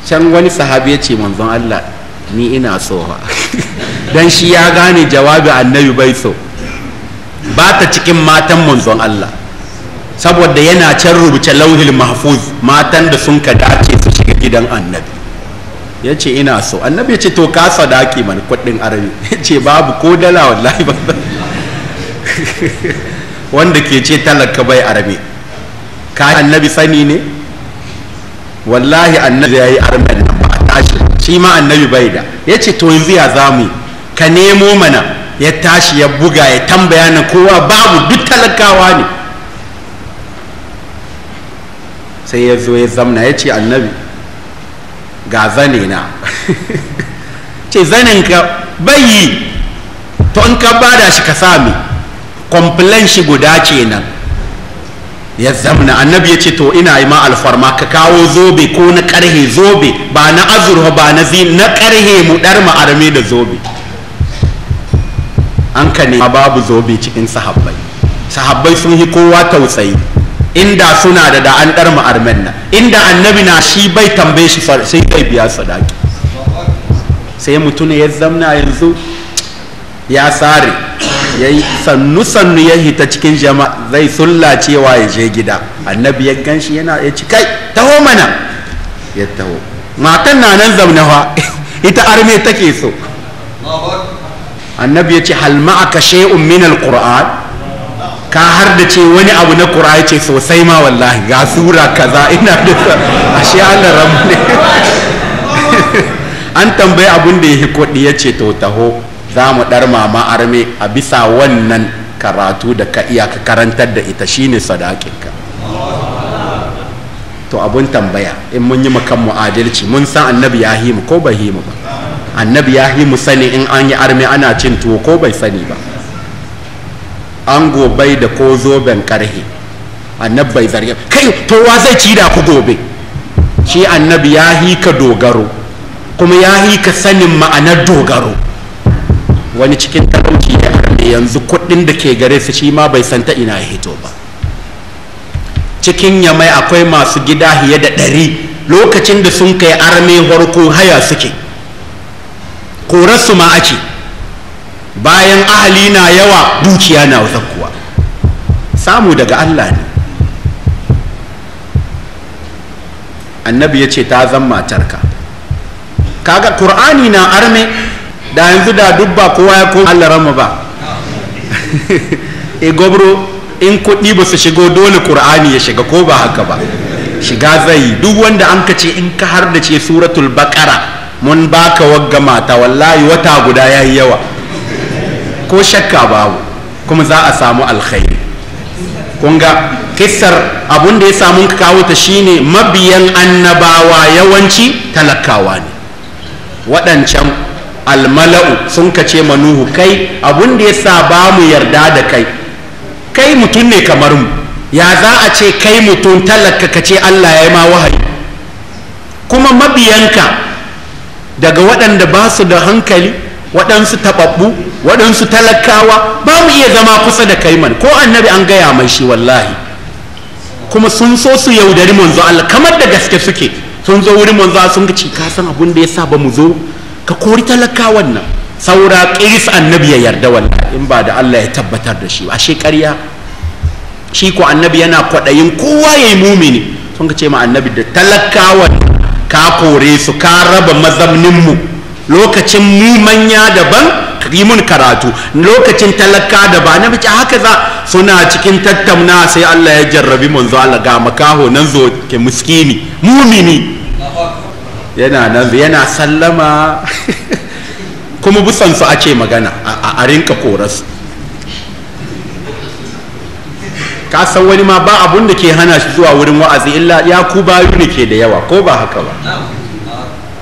S2: can wani sahabi ya ce manzon Allah ni ina so ha *laughs* dan shi ya gane jawabi annabi bai so ba ta cikin matan manzon Allah saboda yana can rubuce lauhil mahfuz matan da sun ka dace su shiga gidan annabi ya ce ina so annabi ya ce to ka sadaki man kudin arabi *laughs* ya ce babu ko dala wallahi ba *laughs* wanda ke ce talaka bai arabi ka annabi sani ne wallahi annabi ya yi armen nan ba a tashi shi ma annabi bai da ya ce to yanzu ya za mu ka nemo mana ya tashi ya buga ya tambaya na kowa babu duk talakawa ne sai ya zo ya zamna ya ce annabi ga zane na *laughs* ce zanen ka bayi to in ka bada shi ka sami kwamfilan shi guda ce nan ya zamna annabi ya ce to ina yi ma alfarma ka kawo zobe ko na karhe zobe ba na azurwa ba na zi na karhe mu dar ma'arme da zobe an ka ne babu zobe cikin sahabbai sahabbai sun yi kowa tausayi inda suna da da an dar ma'armen nan inda annabi na shi bai tambaye shi sai kai biya sadaki sai mutum ya zamna yanzu ya sare yayi sannu sannu ya hita cikin jama'a zai sulla cewa ya je gida annabi ya ganshi yana ya ci kai taho mana ya taho matan na nan zaune zamnawa *laughs* ita arme take so annabi ya ce hal ma'aka shay'un min alquran ka har da ce wani abu na qur'ani ce sosai ma wallahi ga sura kaza ina da ashe Allah ramu ne *laughs* an tambaye abun da ya hiko ya ce to taho za mu ɗar mama arme a bisa wannan karatu da ka iya ka karantar da ita shine sadakinka to abun tambaya in mun yi makan mu adalci mun san annabi ya himu ko bai himu ba annabi ya himu sani in an yi arme ana cin tuwo ko bai sani ba an gobai da ko zoben karhe annabi bai zarge kai towa zai ci da ku gobe shi annabi ya hika dogaro kuma ya hika sanin ma'anar dogaro wani cikin talauci ya kalle yanzu kuɗin da ke gare su shi ma bai san ta ina ya hito ba cikin yamai akwai masu gida fiye da ɗari lokacin da sun kai arme harko haya suke korarsu ma ake bayan ahali na yawa dukiya na kuwa samu daga allah ne annabi ya ce ta zan matarka kaga kur'ani na arme da yanzu da duk ba kowa ya koma Allah rama ba *laughs* e gobro in kuɗi ba su shigo dole ƙur'ani ya shiga ko ba haka ba shiga zai duk wanda an ka ce in ka har da ce suratul baqara mun baka wagga mata wallahi wata guda yayi yawa ko shakka babu kuma za a samu alkhairi kun ga kissar abun da ya samu kawo ta shine mabiyan annabawa yawanci talakawa ne waɗancan almala'u sun kace manuhu kai abun da yasa ba mu yarda da kai kai mutum ne kamar mu ya za a ce kai mutum talaka ka Allah ya yi ma wahayi kuma mabiyanka daga waɗanda ba su da hankali waɗansu taɓaɓɓu waɗansu talakawa ba mu iya zama kusa da kai man ko annabi an gaya mai shi wallahi kuma sun so su yaudari manzo Allah kamar da gaske suke sun zo wurin manzo sun ci ka san abun da yasa ba mu zo ka kori talakawan nan saura ƙiris annabi ya yarda wala in ba da Allah ya tabbatar da shi ba ashe ƙarya shi ko annabi yana kwaɗayin kowa ya yi mumini sun ka ce ma annabi da talakawan ka kore su ka raba mazamninmu lokacin mu daban yi mun karatu lokacin talaka da ba na bici haka za suna cikin tattauna sai Allah ya jarrabi manzo Allah ga makaho nan zo ke muskini mumini yana nan yana sallama kuma su ake magana a rinka koras ka san wani ma ba abun da ke hana shi zuwa wurin wa'azi illa ya ku bayu ne ke da yawa ko ba haka ba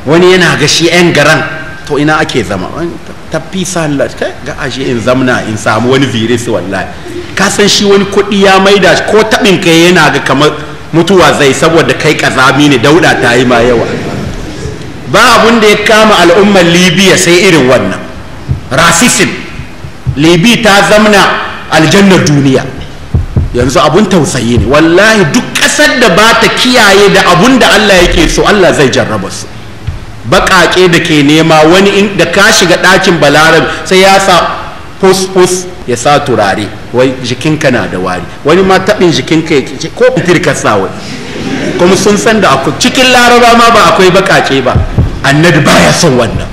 S2: wani yana ga shi yan garan to ina ake zama tafi sallah ga ashe in zamna in samu wani virus wallahi ka san shi wani kuɗi ya maida ko taɓin kai yana ga kamar mutuwa zai saboda kai kazami ne dauda ta yi ma yawa ba abun da ya kama al'ummar libya sai irin wannan rasisim libi ta zamana aljannar duniya yanzu abun tausayi ne wallahi duk ƙasar da ba ta kiyaye da abun da allah yake so allah zai jarraba su baƙaƙe da ke nema wani da ka shiga ɗakin balarabe sai ya sa fos ya sa turare wai jikinka na da wari wani ma taɓin jikinka ya ko fitir ka sa wai kuma sun san da akwai cikin laraba ma ba akwai baƙaƙe ba annabi baya son wannan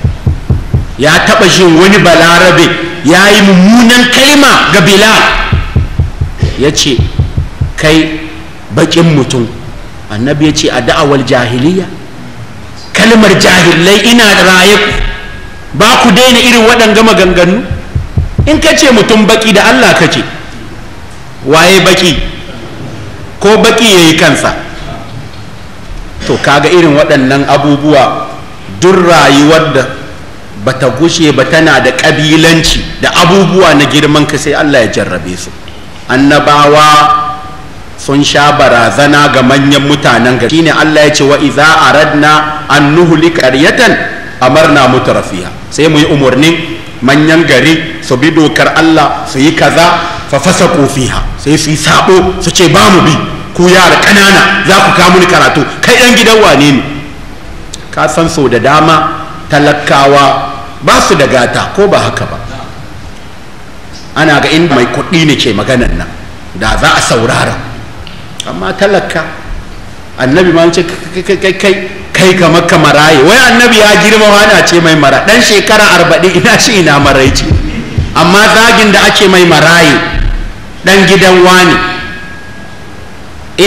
S2: ya taɓa jin wani balarabe ya yi mummunan kalima ga bilal ya ce kai baƙin mutum annabi ya ce a da'awar jahiliya kalmar jahilai ina raye ba ku daina irin waɗanga maganganu in ka ce mutum baƙi da allah ka ce waye baƙi ko baƙi ya yi kansa to kaga irin waɗannan abubuwa duk rayuwar da bata gushe ba tana da ƙabilanci da abubuwa na girman ka sai Allah ya jarrabe su annabawa sun sha barazana ga manyan mutanen ga. shine Allah ya ce wa idza aradna an nuhlika qaryatan amarna mutrafiha sai mu yi umarnin manyan gari su bi dokar Allah su yi kaza fa fasaku fiha sai su yi sabo su ce ba mu bi ku yara ƙanana za ku kawo mu karatu kai ɗan gidan wane ne ka san so da dama talakawa ba su da gata ko ba haka ba ana ga inda mai kuɗi ne ke maganan nan da za a saurara amma talaka annabi ma ce kai kai ga maka maraye wai annabi ya girma ana ce mai mara dan shekara arba'in ina shi ina maraici amma zagin da ake mai maraye dan gidan wani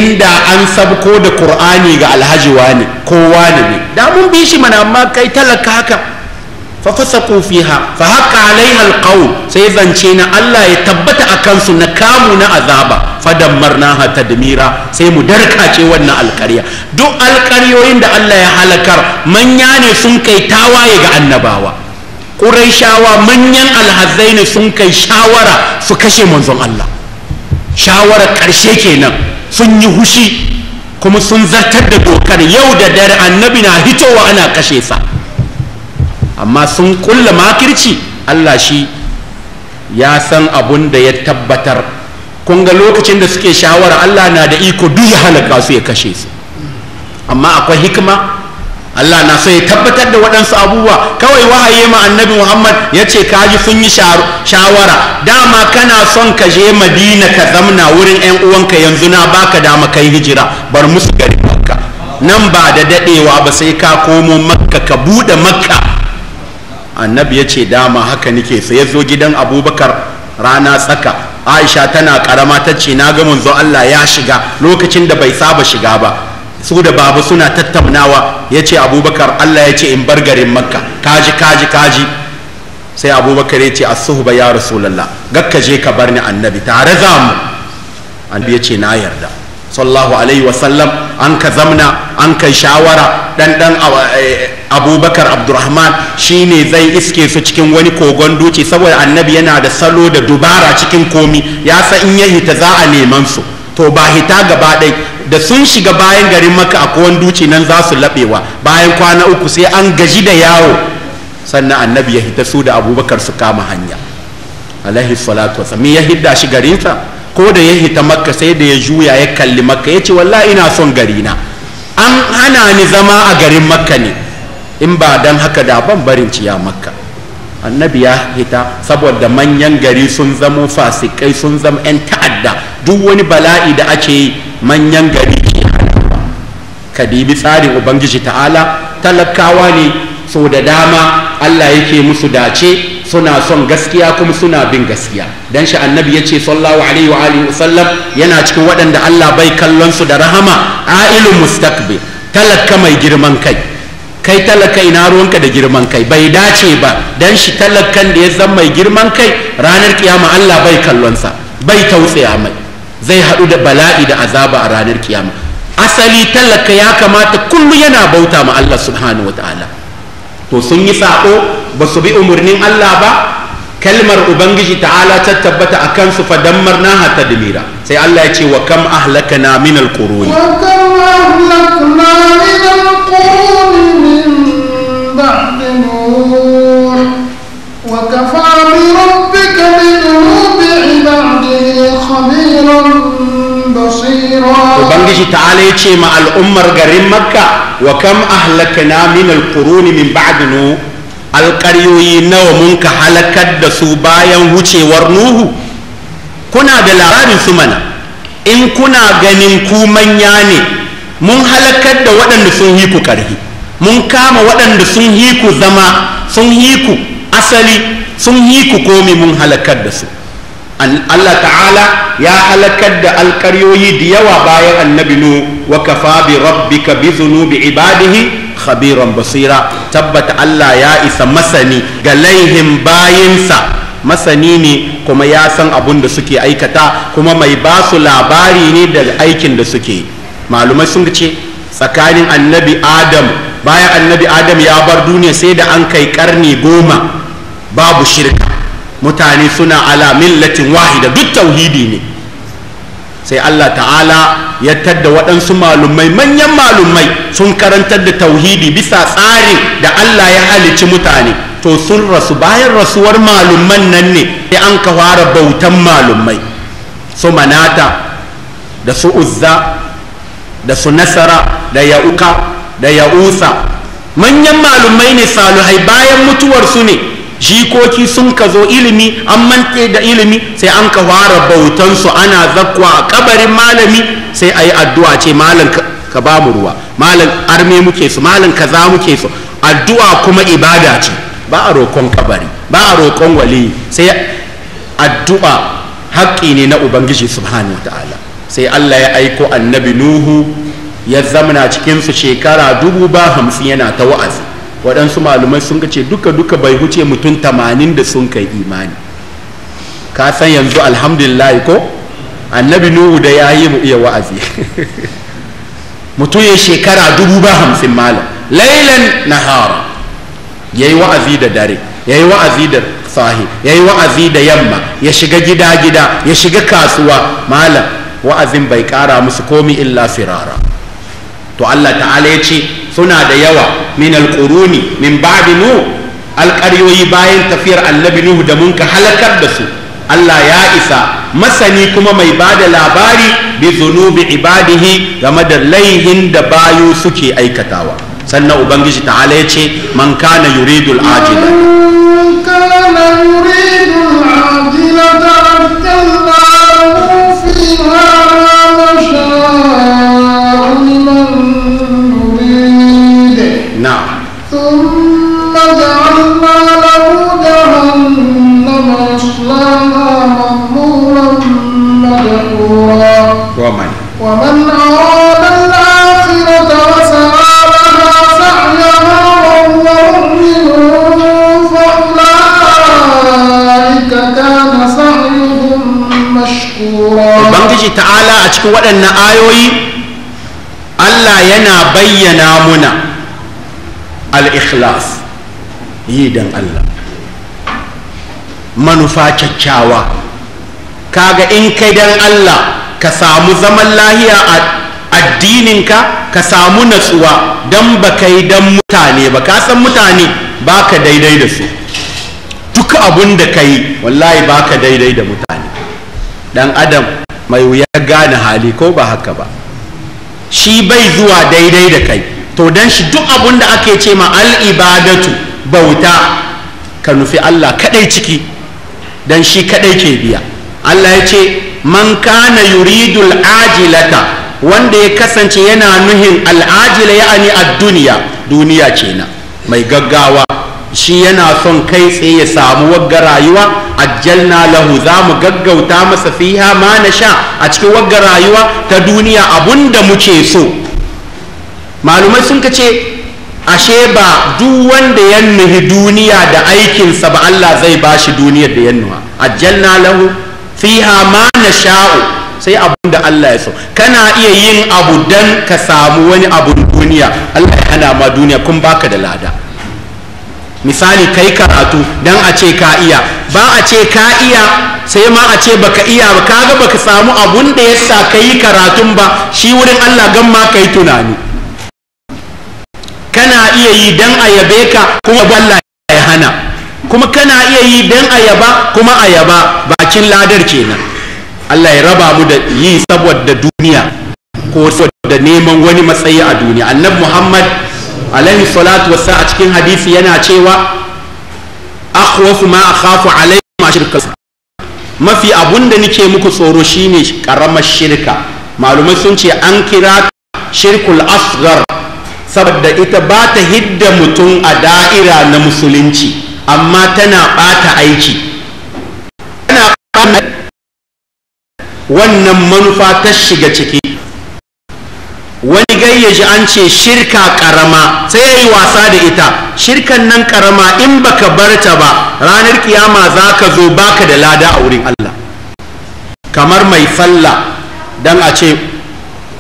S2: inda an sabko da qur'ani ga alhaji wani kowa ne ne da mun bi shi mana amma kai talaka haka fa fasaku fiha fa haqa alaiha alqawl sai zance na Allah ya tabbata a kansu na kamu na azaba fa dammarnaha tadmira sai mu darkace wannan alƙarya duk alkaryoyin da Allah ya halakar manya ne sun kai tawaye ga annabawa shawa manyan alhazai ne sun kai shawara su kashe manzon Allah shawarar ƙarshe kenan sun yi hushi kuma sun zartar da dokar yau da dare annabi na hitowa ana kashe sa amma sun kulla makirci Allah shi ya san abun da ya tabbatar kun ga lokacin da suke shawara Allah na da iko duk ya halaka su ya kashe su amma akwai hikima Allah na so ya tabbatar da waɗansu abubuwa kawai wahaye ma annabi Muhammad ya ce ka ji sun yi shawara dama kana son ka je Madina ka zamna wurin 'yan uwanka yanzu na baka dama kai hijira bar musu gari Makka nan ba da daɗewa ba sai ka komo Makka ka buɗe Makka annabi ya ce dama haka nike sai ya zo gidan Abubakar rana tsaka Aisha tana karama ta ce na ga manzo Allah ya shiga lokacin da bai saba shiga ba su da babu suna tattaunawa ya ce abubakar allah ya ce in bar garin makka kaji kaji kaji sai abubakar ya ce ba ya rasulallah gakka je ka bar ni annabi tare za mu annabi ya ce na yarda sallallahu alaihi wasallam an ka zamna an kai shawara dan dan abubakar abdurrahman shine zai iske su cikin wani kogon duci saboda annabi yana da salo da dubara cikin komi ya sa in ya hita za a neman su to ba hita gaba ɗaya. da sun shiga bayan garin maka a kowan duci nan za su laɓewa bayan kwana uku sai an gaji da yawo sannan annabi ya hita su da abubakar su kama hanya alaihi salatu wasallam ya hidda shi garinsa ko da ya hita makka sai da ya juya ya kalli makka ya ce walla ina son garina an hana ni zama a garin makka ne in ba dan haka da ban barin ciya makka annabi ya hita saboda manyan gari sun zamo fasikai sun zama 'yan ta'adda duk wani bala'i da ake yi manyan gari ke hanawa ka dibi tsarin ubangiji ta'ala talakawa ne so da dama allah yake musu dace suna son gaskiya kuma suna bin gaskiya dan shi annabi ya ce sallallahu alaihi wa alihi wasallam yana cikin waɗanda allah bai kallon su da rahama a'ilu mustakbir talaka mai girman kai kai talaka ina ruwanka da girman kai bai dace ba dan shi talakan da ya zama mai girman kai ranar kiyama Allah bai kallonsa bai tausaya mai zai hadu da bala'i da azaba a ranar kiyama asali talaka ya kamata kullu yana bauta ma Allah subhanahu wataala to sun yi sako ba su bi umurnin Allah ba kalmar ubangiji ta'ala ta tabbata akan su fa dammarna ha tadmira sai Allah ya ce wa kam ahlakana min alquruni
S1: wa kam ahlakna min alquruni min nur wa
S2: ubangiji ta'ala ya ce ma al'ummar garin makka wa kam ahlakana min alquruni min ba'di nu nawa mun ka halakar da su bayan wucewar nuhu kuna da labarin su mana in kuna ganin ku manya ne mun halakar da waɗanda sun yi ku ƙarfi mun kama waɗanda sun yi ku zama sun yi ku asali sun yi ku komi mun halakar da su Allah ta'ala ya halakar da alkaryoyi da yawa bayan annabi nu wa kafa bi rabbika bi zunubi ibadihi khabiran basira tabbata Allah ya isa masani ga laihin bayinsa masani ne kuma ya san abun da suke aikata kuma mai ba su labari ne daga aikin da suke malumai sun ce tsakanin annabi adam bayan annabi adam ya bar duniya sai da an kai karni goma babu shirka mutane suna ala millatin wahida duk tauhidi ne sai Allah ta'ala ya tadda waɗansu malumai manyan malumai sun karantar da tauhidi bisa tsarin da Allah ya halicci mutane to sun rasu bayan rasuwar malumman nan ne sai an ka fara bautan malumai su manata da su uzza da su nasara da ya'uka da ya'usa manyan malumai ne saluhai bayan mutuwarsu ne jikoki sun ka zo ilimi an mante da ilimi sai an ka fara bautansu ana zakwa a kabarin malami sai a yi addu'a ce malam ka ba mu ruwa malam arme muke su malam ka za muke su addu'a kuma ibada ce ba a rokon kabari ba a roƙon wali sai addu'a haƙƙi ne na ubangiji subhanahu ta'ala sai allah ya aiko annabi nuhu ya zamana cikinsu shekara dubu ba hamsin yana ta wa'azi waɗansu malumai sun ce duka duka bai huce mutum tamanin da sun kai imani ka san yanzu alhamdulillah ko annabi nuhu da ya yi mu iya wa'azi *laughs* mutum ya shekara dubu ba hamsin malam lailan nahara ya yi wa'azi da dare ya yi wa'azi da sahi ya yi wa'azi da yamma ya shiga gida gida ya shiga kasuwa malam wa'azin bai kara musu komi illa firara to allah ta'ala ya ce suna da yawa min alquruni min ba'di nu alƙaryoyi bayan tafiyar annabi nuhu da mun ka halakar da su Allah ya isa masani kuma mai ba da labari bi zunubi ibadihi game da laihin da bayu suke aikatawa sannan ubangiji ta'ala ya ce man kana yuridul ajila
S1: kana
S2: ومن أراد الآخرة وسعى لها
S1: سعيها وهو مؤمن فأولئك كان سعيهم مشكورا
S2: ta'ala a cikin waɗannan ayoyi Allah yana bayyana muna al-ikhlas yi don Allah manufa kyakkyawa kaga in kai dan Allah ka samu zaman lahiya a addininka ka samu natsuwa don ba ka yi don mutane ba ka san mutane ba ka daidai da su duk abun da ka yi wallahi ba ka daidai da mutane dan adam mai wuya gane hali ko ba haka ba shi bai zuwa daidai da kai to dan shi duk abun da ake ce ma al'ibadatu bauta ka nufi Allah kadai ciki dan shi kadai ke biya Allah ya ce man kana yuridu al'ajilata wanda ya kasance yana nuhin al'ajila ya'ani ad-duniya duniya kenan mai gaggawa shi yana son kai tsaye ya samu wagga rayuwa ajjalna lahu za mu gaggauta masa fiha ma na sha a cikin wagga rayuwa ta duniya abunda muke so malumai sun ka ce ashe ba duk wanda ya nuhi duniya da aikinsa ba Allah zai bashi duniyar da ya nuha ajjalna lahu fiha ma sha'u sai abun da Allah ya so kana iya yin abu dan ka samu wani abun duniya Allah ya hana ma duniya kun baka da lada misali kai karatu dan a ce ka iya ba a ce ka iya sai ma a ce baka iya ba kaga baka samu abun da yasa kai karatun ba shi wurin Allah gan ma kai tunani kana iya yi dan a yabe ka kuma Allah kuma kana iya yi don ayaba kuma ayaba bakin ladar kenan Allah ya raba mu da yi saboda duniya ko saboda neman wani matsayi a duniya Annab Muhammad alaihi salatu wasa a cikin hadisi yana cewa akhwafu ma akhafu alaihi ma shirka mafi abun da nake muku tsoro shine karamar shirka malumai sun ce an kira shirkul asgar saboda ita ba ta hidda mutum a da'ira na musulunci amma tana ɓata aiki tana wannan manufa ta shiga ciki wani gayyaji an ce shirka karama sai ya yi wasa da ita shirkan nan karama in baka bar ta ba ranar kiyama za ka zo baka da lada a wurin Allah kamar mai sallah don a ce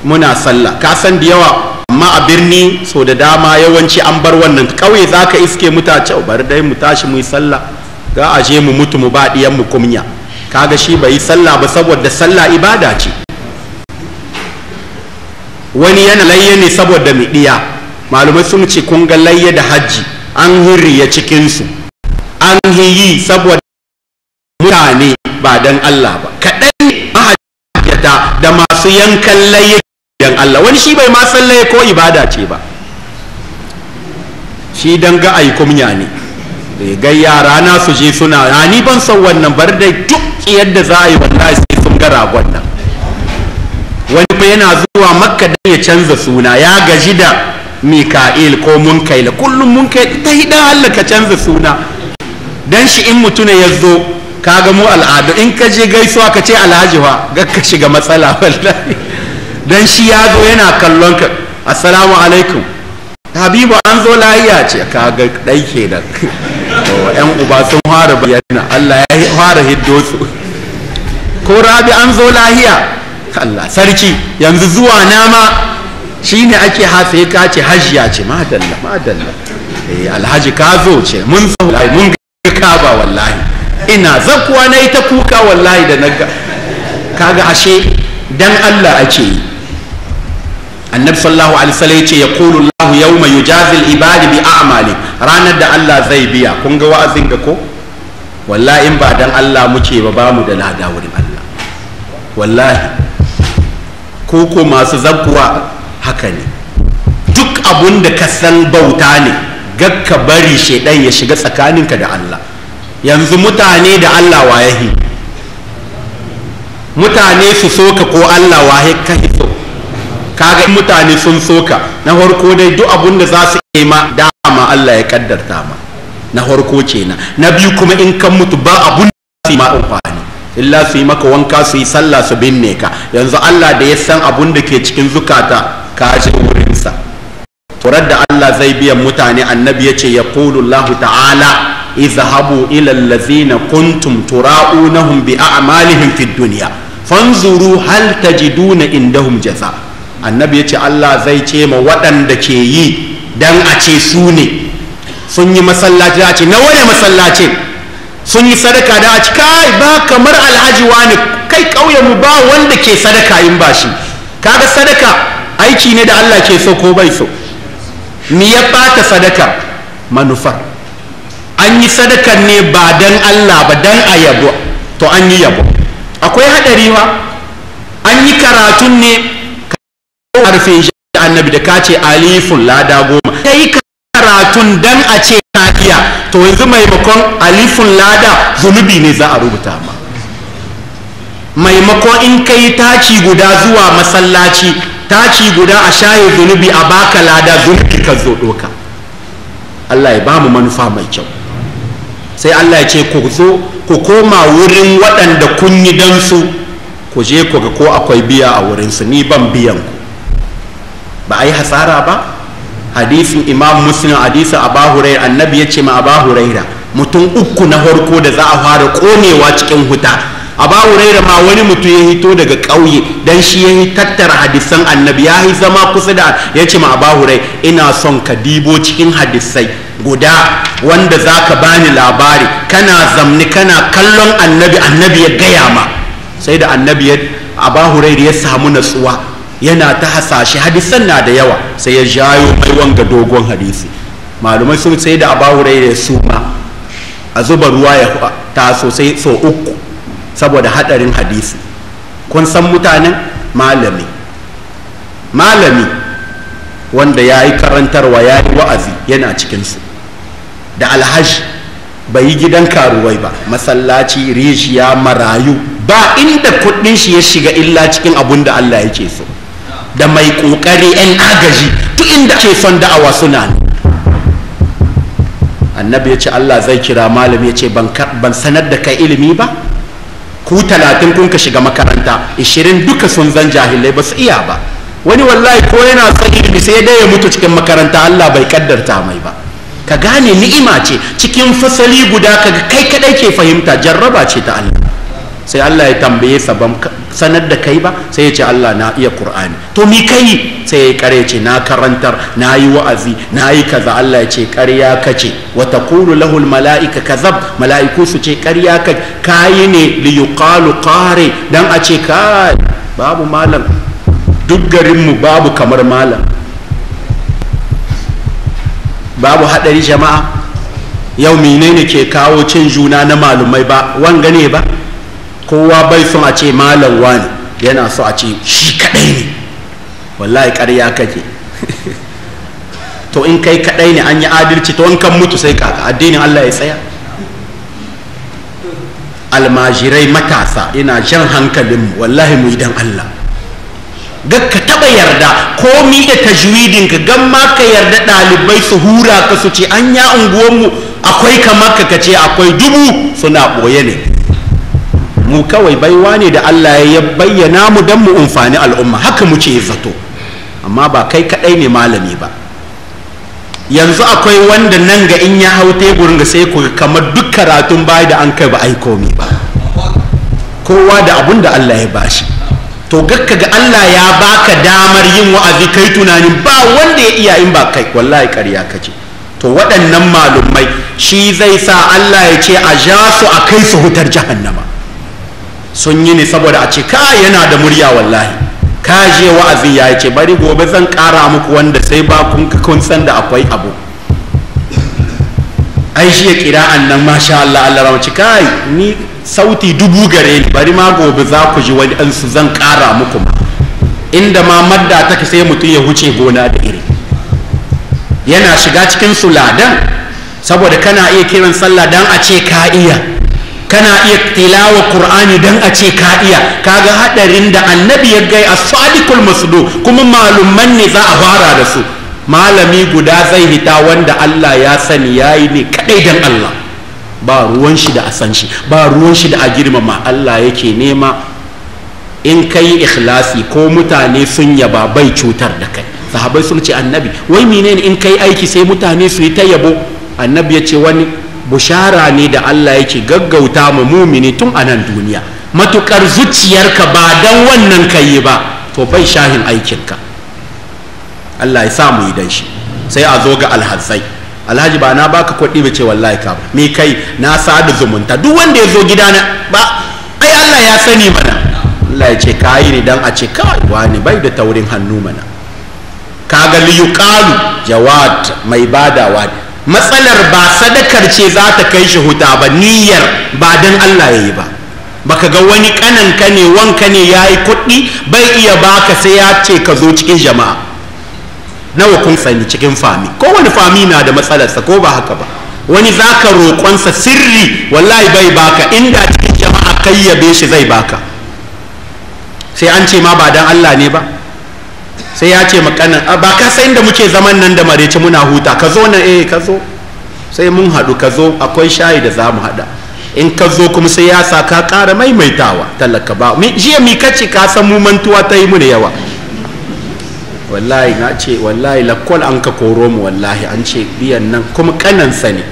S2: muna sallah ka san da yawa amma a birni so da dama yawanci an bar wannan ƙauye za ka iske mutace oh, bar dai mu tashi mu yi sallah ga a je mu mutu mu ba ɗiyan mu kumya kaga shi bai yi sallah ba saboda sallah ibada ce wani yana layya ne saboda mu ɗiya malumai sun ce kun ga layya da hajji an cikin su an hiyi saboda mutane ba dan Allah ba kaɗan mahajjata da masu yankan layya dan Allah wani shi bai ma sallaye ko ibada ce ba shi dan ga ai kumya ne ga yara na su je suna ya ni ban san wannan bar da duk yadda za a yi wallahi sai sun ga ragon wani fa yana zuwa makka dan ya canza suna ya gaji da mika'il ko munkaila kullum munkaila ta hidan Allah ka canza suna dan shi in mutune ya zo kaga mu al'adu in ka je gaisuwa ka ce alhaji wa ga ka shiga matsala wallahi don shi ya zo yana kallon ka assalamu alaikum habibu an zo layiya ce ka ga ɗai ke da yan uba sun fara bayyana allah ya fara hiddo su ko rabi an zo lahiya allah sarki yanzu zuwa nama shine ake hafe ka ce hajiya ce madalla madalla eh, alhaji ka zo ce mun zo mun ka ba wallahi ina zakuwa na ta kuka wallahi da naga kaga ashe dan Allah ake yi annabi sallallahu alaihi wasallam yace yaqulu Allah yawma yujazil ibadi bi a'mali ranar da Allah zai biya kun ga wa'azin ga ko wallahi in ba dan Allah muke ba bamu da lada wurin Allah wallahi ko ko masu zakkuwa haka ne duk abun da ka san bauta ne gakka bari shedan ya shiga tsakaninka da Allah yanzu mutane da Allah wayahi mutane su so ka ko Allah wahe ka hito kaga mutane sun soka na farko dai duk abun da za su ma dama Allah ya kaddarta ma na farko kenan na biyu kuma in kan mutu ba abun da su ma amfani illa su yi maka wanka su yi sallah su binne ka yanzu Allah da ya san abun da ke cikin zukata ka wurin wurinsa turar da Allah zai biya mutane annabi ya ce ya ta'ala izhabu ila allazina kuntum tura'unahum bi a'malihim fid dunya fanzuru hal tajiduna indahum jaza'a annabi ya ce Allah zai ce ma waɗanda ke yi dan a ce su ne sun yi masallaci da a ce na masallacin sun yi sadaka da a ce kai ba kamar alhaji wani kai ƙauyenmu ba wanda ke sadaka in ba shi kaga sadaka aiki ne da Allah ke so ko bai so ni ya bata sadaka manufar an yi sadakan ne ba dan Allah ba dan a yabo to an yi yabo akwai haɗariwa an yi karatun ne harfin shi annabi da ka ce alifun lada goma kai karatun dan a ce ka to yanzu maimakon alifun lada zunubi ne za a rubuta ma maimakon in yi taci guda zuwa masallaci taci guda a shaye zunubi a baka lada zunubi ka zo doka Allah ya bamu manufa mai kyau sai Allah ya ce ku zo ku koma wurin waɗanda kun yi dan su ku je ku ga ko akwai biya a wurin su ni ban biyan ku ba a yi hasara ba hadisin imam muslim hadisin abu annabi ya ce ma abu mutum uku na farko da za a fara konewa cikin huta abu ma wani mutum ya hito daga ƙauye dan shi ya tattara hadisan annabi ya yi zama kusa da ya ce ma abu ina son ka dibo cikin hadisai guda wanda za ka bani labari kana zamni kana kallon annabi annabi ya gaya ma sai da annabi ya abu huraira ya samu natsuwa yana ta hasashe hadisan na da yawa sai ya jayo mai wanga dogon hadisi malumai sun sai da abahu da su ma a zuba ruwa ya taso sosai so uku saboda hadarin hadisi kun san mutanen malami malami wanda ya yi karantarwa ya yi wa'azi yana cikinsu da alhaji bai yi gidan karuwai ba masallaci rijiya marayu ba inda kudin shi ya shiga illa cikin abun da allah yake so da mai kokari yan agaji tu inda ke son da'awa suna ne annabi ya ce allah zai kira malam ya ce ban sanar da kai ilimi ba ku talatin kun ka shiga makaranta ishirin duka sun zan jahilai ba su iya ba wani wallahi ko yana son ilimi sai dai ya mutu cikin makaranta allah bai kaddarta mai ba ka gane ni'ima ce cikin fasali guda kaga kai kadai ke fahimta jarraba ce ta allah sai Allah ya tambaye sa ban sanar da kai ba sai ya ce Allah na iya Qur'ani to mi kai sai ya kare ce na karantar na yi wa'azi na yi kaza Allah ya ce ƙarya kace wa taqulu lahu malaika kazab malaiku su ce ƙarya ka kai ne li yuqalu qari dan a ce kai babu malam duk garin mu babu kamar malam babu hadari jama'a yau menene ke kawo cin juna na malumai ba wanga ne ba kowa bai son a ce malam wani yana so a ce shi kadai ne wallahi ƙarya kake *laughs* to in kai kadai ne an yi adalci to in kan mutu sai kaka addinin Allah ya tsaya almajirai matasa ina jan hankalinmu wallahi mu idan Allah ga ka taɓa yarda komi da tajwidin ka gan ma ka yarda ɗalibai su hura ka su ce an ya unguwanmu akwai kamar ka kace akwai dubu suna ɓoye ne mu kawai baiwa ne da Allah ya bayyana mu don mu umfani al'umma haka muke zato amma ba kai kaɗai ne malami ba yanzu akwai wanda nan ga in ya hau teburin ga sai ku kamar duk karatun baya da an kai ba aiko mi ba kowa da abun da Allah ya bashi to gakka ga Allah ya baka damar yin wa'azi kai tunanin ba wanda ya iya in ba kai wallahi ƙarya kace to waɗannan malumai shi zai sa Allah ya ce a ja su a kai su hutar jahannama sun yi ne saboda a ce ka yana da murya wallahi ka je wa'azi ya ce bari gobe zan kara muku wanda sai ba kun kun san da akwai abu ai shi ya kira annan masha Allah Allah ci kai ni sauti dubu gare ni bari ma gobe za ku ji wani an su zan kara muku inda ma madda ta sai mutum ya huce gona da iri yana shiga cikin suladan saboda kana iya kiran sallah dan a ce ka iya kana iya tilawa qur'ani dan a ce ka iya kaga hadarin da annabi ya gai a sadiqul masudu kuma malumman ne za a fara da su malami guda zai hita wanda Allah ya sani yayi ne kadai dan Allah ba ruwan shi da a san shi ba ruwan shi da a girmama Allah yake nema in kai ikhlasi ko mutane sun yaba bai cutar da kai sahabai sun ce annabi wai menene in kai aiki sai mutane su yi ta yabo annabi ya ce wani bushara ne da Allah yake gaggauta mu mumini tun a nan duniya matukar zuciyarka ba dan wannan kayi ba to bai shahin aikinka Allah ya sa mu yi dan shi sai a zo ga alhazai alhaji ba na baka kuɗi ba ce wallahi ka ba ni kai na sadu zumunta duk wanda ya zo gidana ba ai Allah ya sani mana Allah ya ce kayi ne dan a ce kawai wani bai da taurin hannu mana ka kaga liyuqalu jawad mai badawa ne matsalar ba sadakar ce za ta kai shi huta ba niyyar ba don Allah ya yi ba ba ka ga wani kananka ne wanka ne ya yi kuɗi bai iya baka sai ya ce ka zo cikin jama'a nawa kun sani cikin fami kowane fami na da matsalarsa ko ba haka ba wani za ka roƙonsa sirri wallahi bai baka inda cikin jama'a kayyabe shi zai baka sai an ce ma ba don Allah ne ba sai ya ce makanan ba ka san inda muke zaman nan da mareci muna huta ka zo na eh ka zo sai mun haɗu ka zo akwai shayi da za mu haɗa in ka zo kuma sai ya sa ka ƙara maimaitawa talaka ba jiya mi kace ka san mu mantuwa ta yi mu yawa wallahi na ce wallahi lakwal an ka koro mu wallahi an ce biyan nan kuma kanansa ne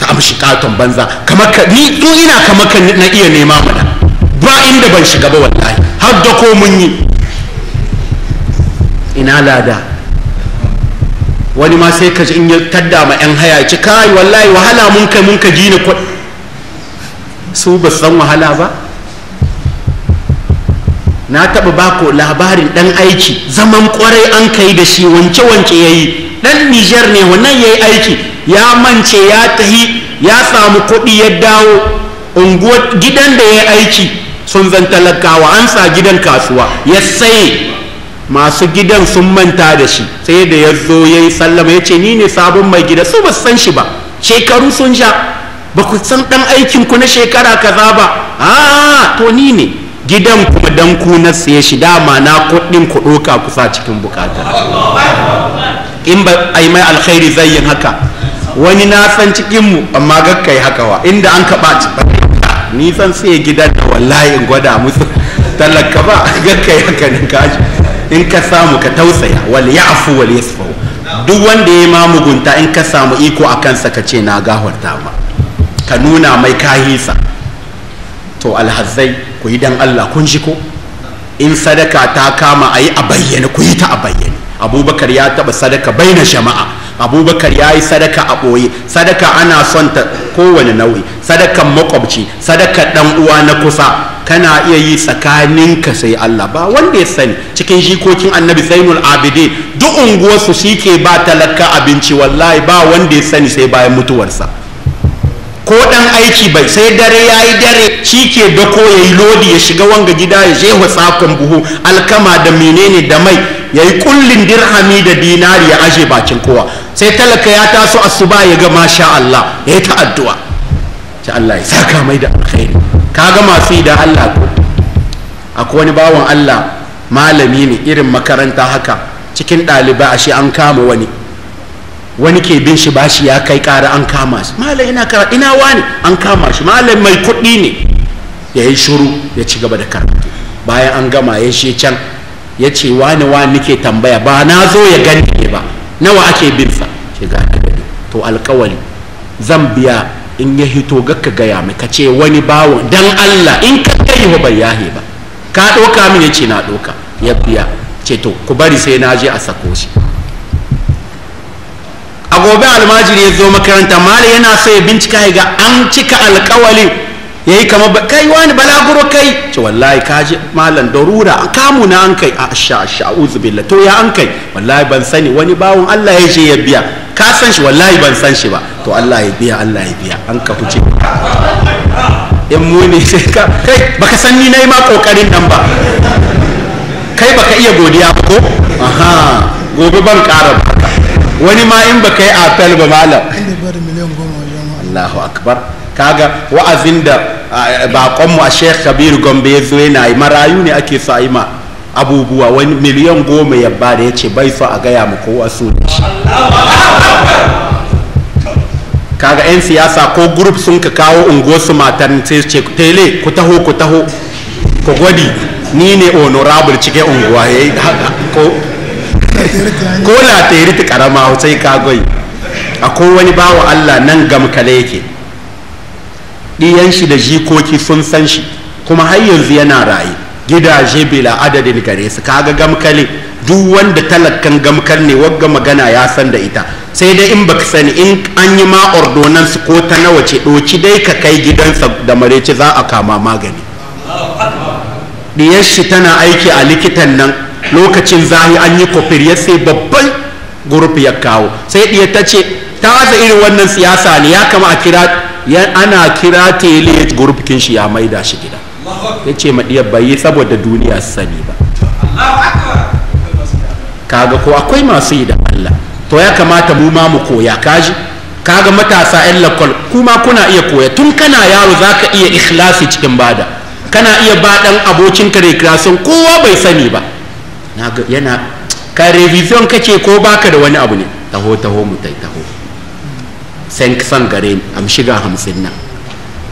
S2: ta amshi katon banza kamar ka ni ina kamar ka na iya nema mana ba inda ban shiga ba wallahi har da ko mun yi ina lada wani ma sai ka in ya tadda ma yan haya ci kai wallahi wahala mun kai mun ka ji ni su ba san wahala ba na taɓa bako labarin ɗan aiki zaman kwarai an kai da shi wance-wance ya yi ɗan nijar ne wannan ya yi aiki ya mance ya tahi ya samu kuɗi ya dawo unguwar gidan da ya yi aiki sun zan talakawa an sa gidan kasuwa ya saye masu gidan sun manta da shi sai da ya zo ya yi sallama ya ce ni ne sabon mai gida su ba san shi ba shekaru sun sha ba ku san ɗan aikin ku na shekara kaza ba a to ni ne gidan kuma dan ku na siye shi dama na kuɗin ku ɗoka kusa cikin bukata in ba a yi mai alkhairi zai yin haka wani na san cikinmu amma gakkai haka wa inda an kaɓa ci ni san sai gidan da wallahi in gwada musu talaka ba gakkai haka ne kaji. in ka samu ka tausaya wal ya'fu wal yasfahu duk wanda ya ma mugunta in ka samu iko a kansa ka ce na gafarta ma ka nuna mai kahisa to alhazai ku yi dan Allah kun ji ko in sadaka ta kama ayi a bayyane ku yi ta a bayyane abubakar ya taba sadaka bai na jama'a abubakar ya yi sadaka a ɓoye sadaka ana son ta kowane nau'i sadakan makwabci sadakan ɗan uwa na kusa kana iya yi tsakaninka sai Allah ba wanda ya sani cikin jikokin annabi zainul abidi duk unguwarsu shi ke ba talaka abinci wallahi ba wanda ya sani sai bayan mutuwarsa ko dan aiki bai sai dare ya yi dare shi ke dako ya yi lodi ya shiga wanga gida ya je tsakon buhu alkama da menene da mai ya yi kullin dirhami da dinari ya aje bakin kowa sai talaka ya taso asuba ya ga masha Allah ya yi ta'addu'a addu'a ta Allah ya saka mai da alkhairi ka ga masu yi da allah ko akwai wani bawan allah malami ne irin makaranta haka cikin ɗalibai shi an kama wani wani ke bin shi bashi ya kai ƙara an kama shi malam ina kara ina wani an kama shi malam mai kuɗi ne ya yi shuru ya ci gaba da karatu bayan an gama ya shi can ya ce wani wani ke tambaya ba na zo ya gani ne ba nawa ake bin sa ce gani to alkawali zan biya in ya hito ga ka gaya mai ka ce wani bawo dan Allah in ka kai wa bai yahe ba ka ɗauka min ya ce na ɗauka ya biya ce to ku bari sai na je a sako shi a gobe almajiri ya zo makaranta mali yana so ya bincika ya ga an cika alkawalin kama ba kai wani balaguro kai ce wallahi kaji malam darura kamu na an kai a sha sha billah to ya an kai wallahi ban sani wani bawon Allah ya je ya biya ka san shi wallahi ban san shi ba to Allah ya biya Allah ya biya an ka kuce in muni sai ka kai baka san ni nayi ma kokarin nan ba kai baka iya godiya ko aha gobe ban ƙara wani ma in baka yi apel ba malam Allahu akbar kaga wa'azin da mu a sheikh kabir gombe ya zo yana yi marayu ne ake sa yi ma abubuwa wani miliyan goma ya ba da ya ce bai so a gaya mu kowa so da shi kaga 'yan siyasa ko grup sun ka kawo unguwarsu matan sai ce tele ku taho ku taho ku gwadi ni ne honorable cike unguwa ya yi ko ko na ta karama sai kagoyi a kowani wani bawa Allah nan gamkale yake ɗiyan shi da jikoki sun san shi kuma har yanzu yana raye gidaje bila adadin gare su kaga gamkali duk wanda talakkan gamkar ne wagga magana ya san da ita sai dai in baka sani in an yi ma ordonansu ko ta nawa ce ɗoci dai ka kai gidansa da mareci za a kama magani ɗiyar shi tana aiki a likitan nan lokacin zahi an yi kofir ya sai babban gurup ya kawo sai ɗiyar ta ce ta wasa irin wannan siyasa ne ya kama a kira ana kira tele ya kin shi ya maida shi gida ya ce maɗiyar bai saboda duniya su sani ba kaga ko akwai masu yi da Allah to ya kamata mu ma mu koya kaji kaga matasa yan lakol kuma kuna iya koya tun kana yaro zaka iya ikhlasi cikin bada kana iya ba baɗan abokin ka da recreation kowa bai sani ba yana ka revision kace ko baka da wani abu ne taho taho mu tai taho san gare ni am shiga hamsin nan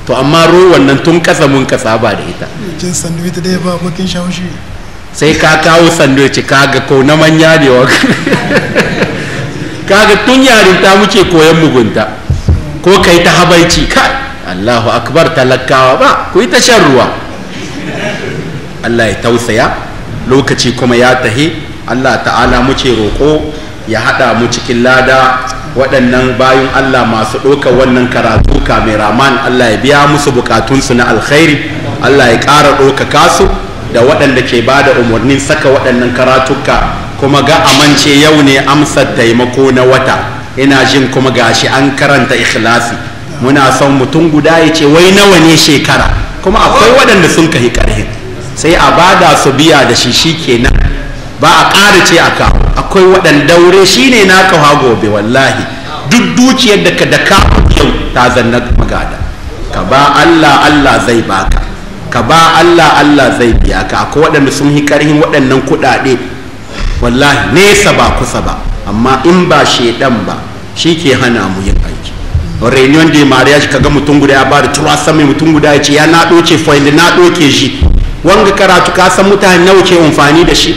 S2: to amma ruwan wannan tun kasa mun kasa ba da ita sandwich da ba shaushi sai ka kawo sandwich kaga ko na manya ne wa *laughs* kaga tun yarinta muke koyon mugunta ko kai ta habaici kai Allahu akbar talakawa ba ku yi ta shan ruwa Allah ya tausaya lokaci kuma ya tahi Allah ta'ala muke roƙo ya haɗa mu cikin lada waɗannan bayan Allah masu ɗaukar wannan karatu kameraman Allah ya biya musu bukatunsu na alkhairi Allah ya ƙara ɗaukaka su da waɗanda ke ba da umarnin saka waɗannan karatuka kuma ga amince yau ne amsar taimako na wata ina jin kuma gashi an karanta ikhlasi muna son mutum guda ya ce wai nawa ne shekara kuma akwai waɗanda sun kahi ƙarhin sai a bada su biya da shi shi shikenan ba a ƙara ce a kawo akwai waɗanda daure shi ne na kawo gobe wallahi duk dukiyar da ka da kawo yau ta zanna magada ka ba allah allah zai baka ka ba allah allah zai biya ka akwai waɗanda sun yi ƙarhin waɗannan kuɗaɗe wallahi nesa ba kusa ba amma in ba shaidan ba shi ke hana mu yin aiki reunion de mariage kaga mutum guda ya bada tura sami mutum guda ya ce ya na ɗoke foyin na ɗoke shi wanga karatu ka san mutane nawa ke amfani da shi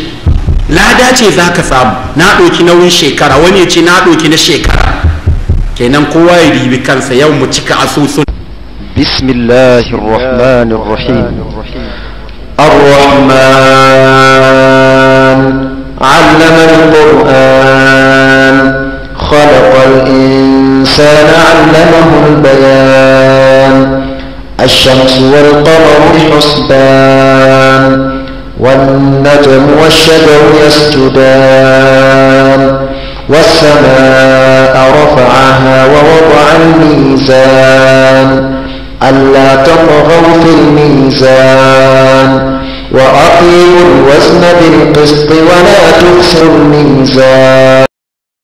S2: lada ce zaka samu na doki nauyin shekara wani ya ce na doki na shekara kenan kowa ya ribi kansa yau mu cika asusun bismillahir rahmanir rahim ar-rahman
S1: 'allama al-qur'an khalaqa al-insana 'allamahu al-bayan ash-shamsu wal والنجم والشجر يسجدان والسماء رفعها ووضع الميزان ألا تطغوا في الميزان وأقيموا الوزن بالقسط ولا تخسروا الميزان